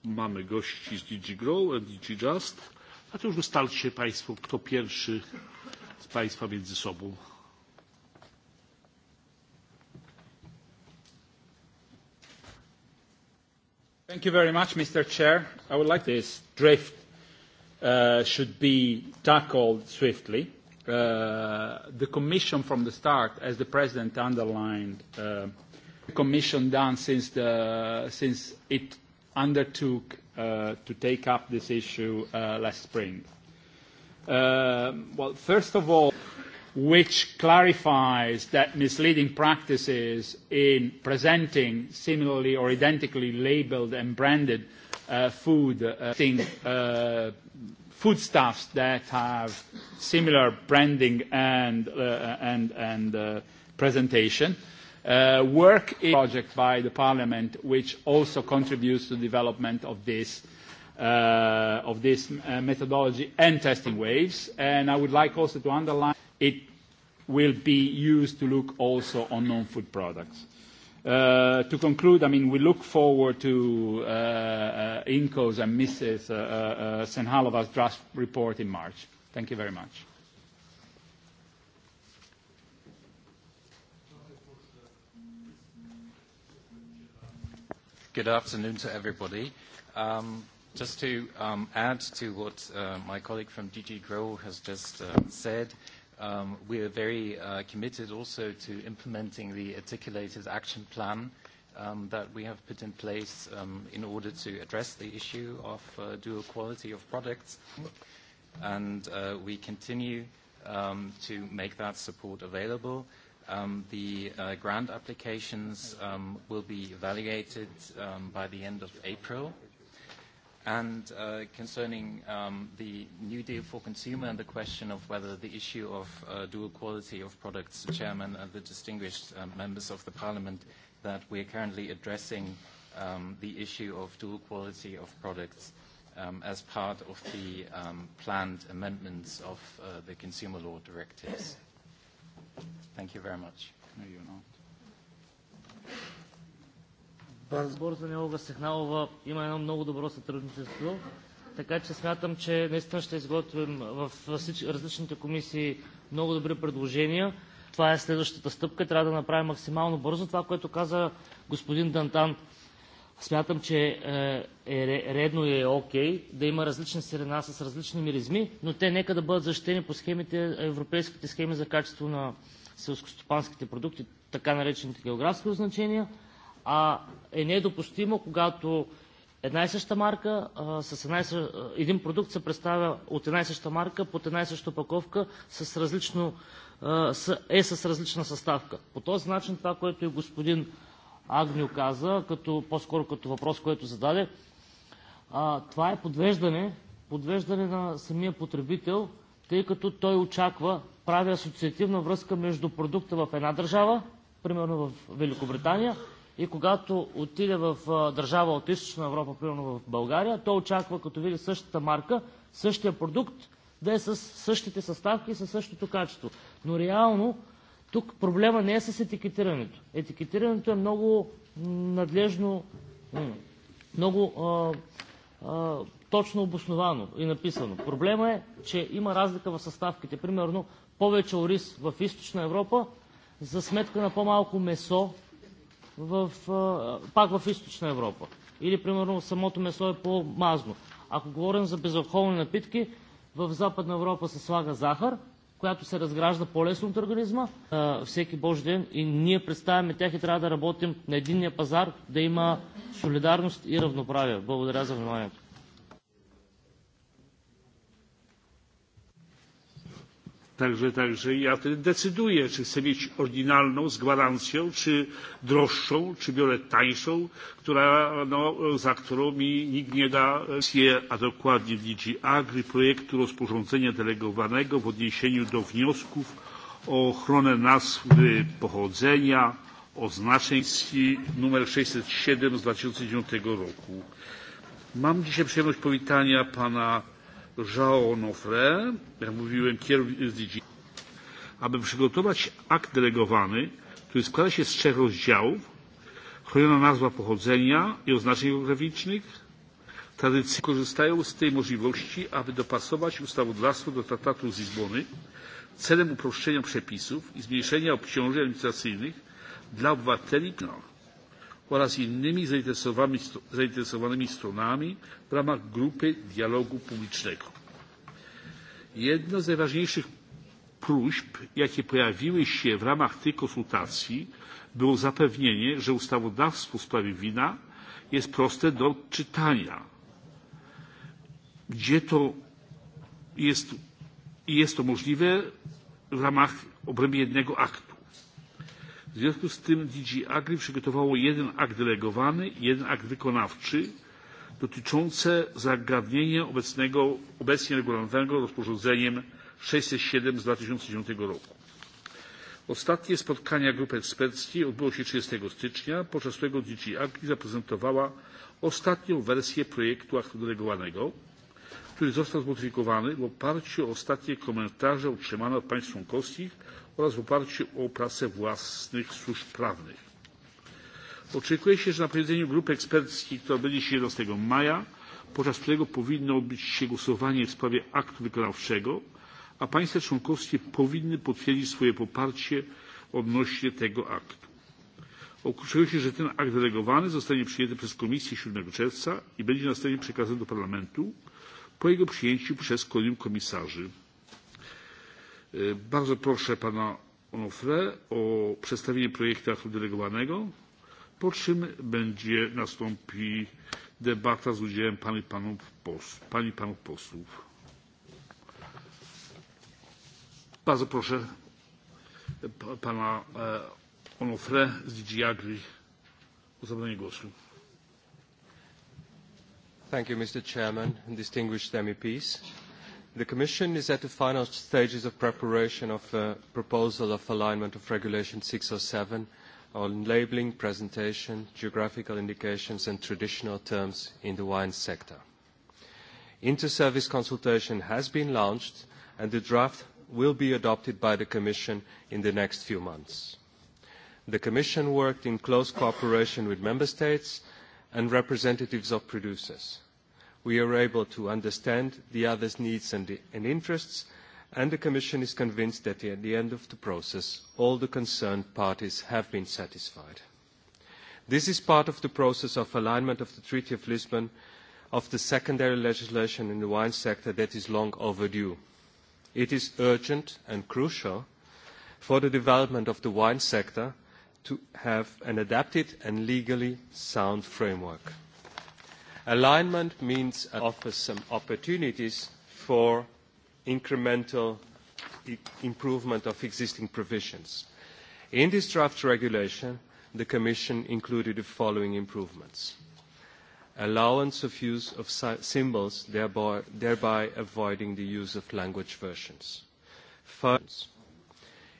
Mamy gości z DG Grow and DG Just. A to już ustalcie Państwo, kto pierwszy z Państwa między sobą. Thank you very much, Mr. Chair. I would like this drift uh, should be tackled swiftly uh, the commission from the start, as the president underlined, uh, the commission done since, the, since it undertook uh, to take up this issue uh, last spring. Uh, well, first of all, which clarifies that misleading practices in presenting similarly or identically labeled and branded uh, food uh, thing, uh, foodstuffs that have similar branding and, uh, and, and uh, presentation. Uh, work in a project by the Parliament, which also contributes to the development of this, uh, of this uh, methodology and testing waves. And I would like also to underline it will be used to look also on non-food products. Uh, to conclude, I mean, we look forward to uh, uh, Inco's and Mrs. Senhalova's draft report in March. Thank you very much. Good afternoon to everybody. Um, just to um, add to what my colleague from DG GROW has just said, um, we are very uh, committed also to implementing the articulated action plan um, that we have put in place um, in order to address the issue of uh, dual quality of products. And uh, we continue um, to make that support available. Um, the uh, grant applications um, will be evaluated um, by the end of April. Uh, concerning um, the new deal for consumer and the question of whether the issue of uh, dual quality of products, Chairman, and the distinguished um, members of the parliament, that we're currently addressing um, the issue of dual quality of products as part of the planned amendments of uh, the Consumer Law directives. Thank you very much. No, you're not разбор за него Гасехналова има едно много добро сътрудничество. Така че смятам, че наистина ще изготвим в различните комисии много добри предложения. Това е следващата стъпка. Трябва да направим максимално бързо това, което каза господин Дантан. Смятам, че е редно и е окей да има различни сирена с различни миризми, но те нека да бъдат защитени по схемите, европейските схеми за качество на селскостопанските продукти, така наречените географски означения а е недопустимо, когато една и съща марка, а, с една и съща, един продукт се представя от една и съща марка, под една и съща паковка, с различно, а, с, е с различна съставка. По този начин, това, което и господин Агнио каза, като, по-скоро като въпрос, който зададе, а, това е подвеждане, подвеждане на самия потребител, тъй като той очаква, прави асоциативна връзка между продукта в една държава, примерно в Великобритания, И когато отиде в държава от източна Европа, примерно в България, то очаква, като види същата марка, същия продукт, да е с същите съставки и със същото качество. Но реално, тук проблема не е с етикетирането. Етикетирането е много надлежно, много а, а, точно обосновано и написано. Проблема е, че има разлика в съставките. Примерно, повече ориз в източна Европа за сметка на по-малко месо в, пак в източна Европа. Или, примерно, самото месо е по-мазно. Ако говорим за безалкохолни напитки, в Западна Европа се слага захар, която се разгражда по-лесно от организма а, всеки божи ден и ние представяме тях и трябва да работим на единния пазар, да има солидарност и равноправие. Благодаря за вниманието. Także, także ja wtedy decyduję, czy chcę mieć oryginalną z gwarancją, czy droższą, czy biorę tańszą, która, no, za którą mi nikt nie da, a dokładnie w Lidzi Agry, projektu rozporządzenia delegowanego w odniesieniu do wniosków o ochronę nazwy pochodzenia o znaczeństwie numer 607 z 2009 roku. Mam dzisiaj przyjemność powitania pana João Onofre, jak mówiłem, kierownik SDG, aby przygotować akt delegowany, który składa się z trzech rozdziałów, chroniona nazwa pochodzenia i oznaczeń geograficznych, tradycyjnie korzystają z tej możliwości, aby dopasować ustawodawstwo do traktatu z Lizbony celem uproszczenia przepisów i zmniejszenia obciążeń administracyjnych dla obywateli oraz innymi zainteresowanymi stronami w ramach grupy dialogu publicznego. Jedna z najważniejszych próśb, jakie pojawiły się w ramach tych konsultacji, było zapewnienie, że ustawodawstwo w sprawie wina jest proste do czytania, gdzie to jest, jest to możliwe w ramach obrębie jednego aktu. W związku z tym DG Agri przygotowało jeden akt delegowany i jeden akt wykonawczy dotyczące zagadnienia obecnego, obecnie regulowanego rozporządzeniem 607 z 2009 roku. Ostatnie spotkania grupy eksperckiej odbyło się 30 stycznia, podczas którego DG Agri zaprezentowała ostatnią wersję projektu aktu delegowanego, który został zmodyfikowany w oparciu o ostatnie komentarze otrzymane od państw członkowskich oraz w oparciu o pracę własnych służb prawnych. Oczekuje się, że na posiedzeniu grupy eksperckiej, która odbędzie się 11 maja, podczas którego powinno odbyć się głosowanie w sprawie aktu wykonawczego, a państwa członkowskie powinny potwierdzić swoje poparcie odnośnie tego aktu. Okuszają się, że ten akt delegowany zostanie przyjęty przez Komisję 7 czerwca i będzie następnie przekazany do Parlamentu po jego przyjęciu przez kolejnych komisarzy bardzo proszę pana onofre o przedstawienie projektu aktu delegowanego po czym będzie nastąpiła debata z udziałem pań i panów posłów. bardzo proszę pana e, onofre z dg agri o zabranie głosu. panie przewodniczący! The Commission is at the final stages of preparation of a proposal of alignment of Regulation 607 on labelling, presentation, geographical indications and traditional terms in the wine sector. Inter-service consultation has been launched and the draft will be adopted by the Commission in the next few months. The Commission worked in close cooperation with Member States and representatives of producers we are able to understand the other's needs and, and interests, and the Commission is convinced that at the end of the process, all the concerned parties have been satisfied. This is part of the process of alignment of the Treaty of Lisbon of the secondary legislation in the wine sector that is long overdue. It is urgent and crucial for the development of the wine sector to have an adapted and legally sound framework alignment means offers some opportunities for incremental improvement of existing provisions. In this draft regulation, the Commission included the following improvements. Allowance of use of symbols, thereby, thereby avoiding the use of language versions. First,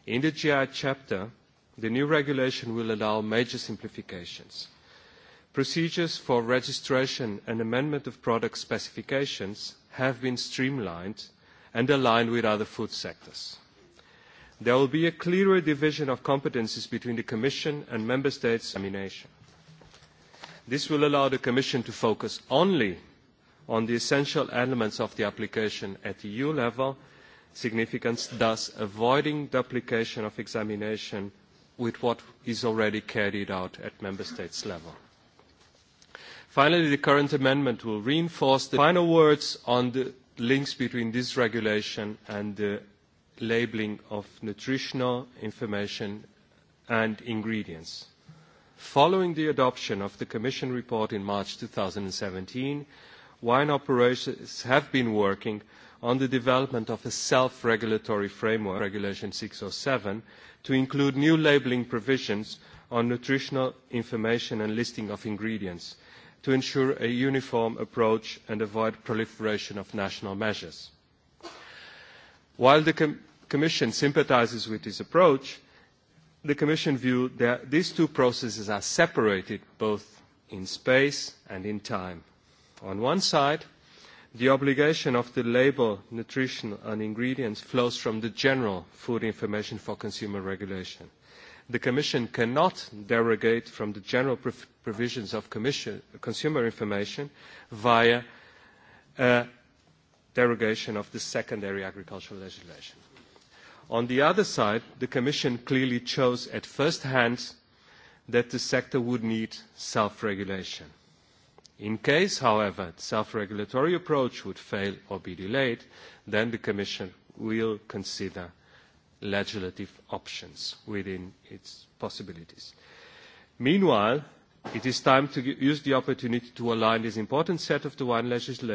in the GI chapter, the new regulation will allow major simplifications. Procedures for registration and amendment of product specifications have been streamlined and aligned with other food sectors. There will be a clearer division of competencies between the Commission and Member States' examination. This will allow the Commission to focus only on the essential elements of the application at EU level, significance thus avoiding duplication of examination with what is already carried out at Member States' level. Finally, the current amendment will reinforce the final words on the links between this regulation and the labeling of nutritional information and ingredients. Following the adoption of the Commission report in March 2017, wine operations have been working on the development of a self-regulatory framework, Regulation 607, to include new labeling provisions on nutritional information and listing of ingredients to ensure a uniform approach and avoid proliferation of national measures. While the com Commission sympathizes with this approach, the Commission views that these two processes are separated both in space and in time. On one side, the obligation of the label, nutrition and ingredients flows from the general food information for consumer regulation the Commission cannot derogate from the general provisions of commission, consumer information via a derogation of the secondary agricultural legislation. On the other side, the Commission clearly chose at first hand that the sector would need self-regulation. In case, however, the self-regulatory approach would fail or be delayed, then the Commission will consider legislative options within its possibilities. Meanwhile, it is time to use the opportunity to align this important set of the wine legislation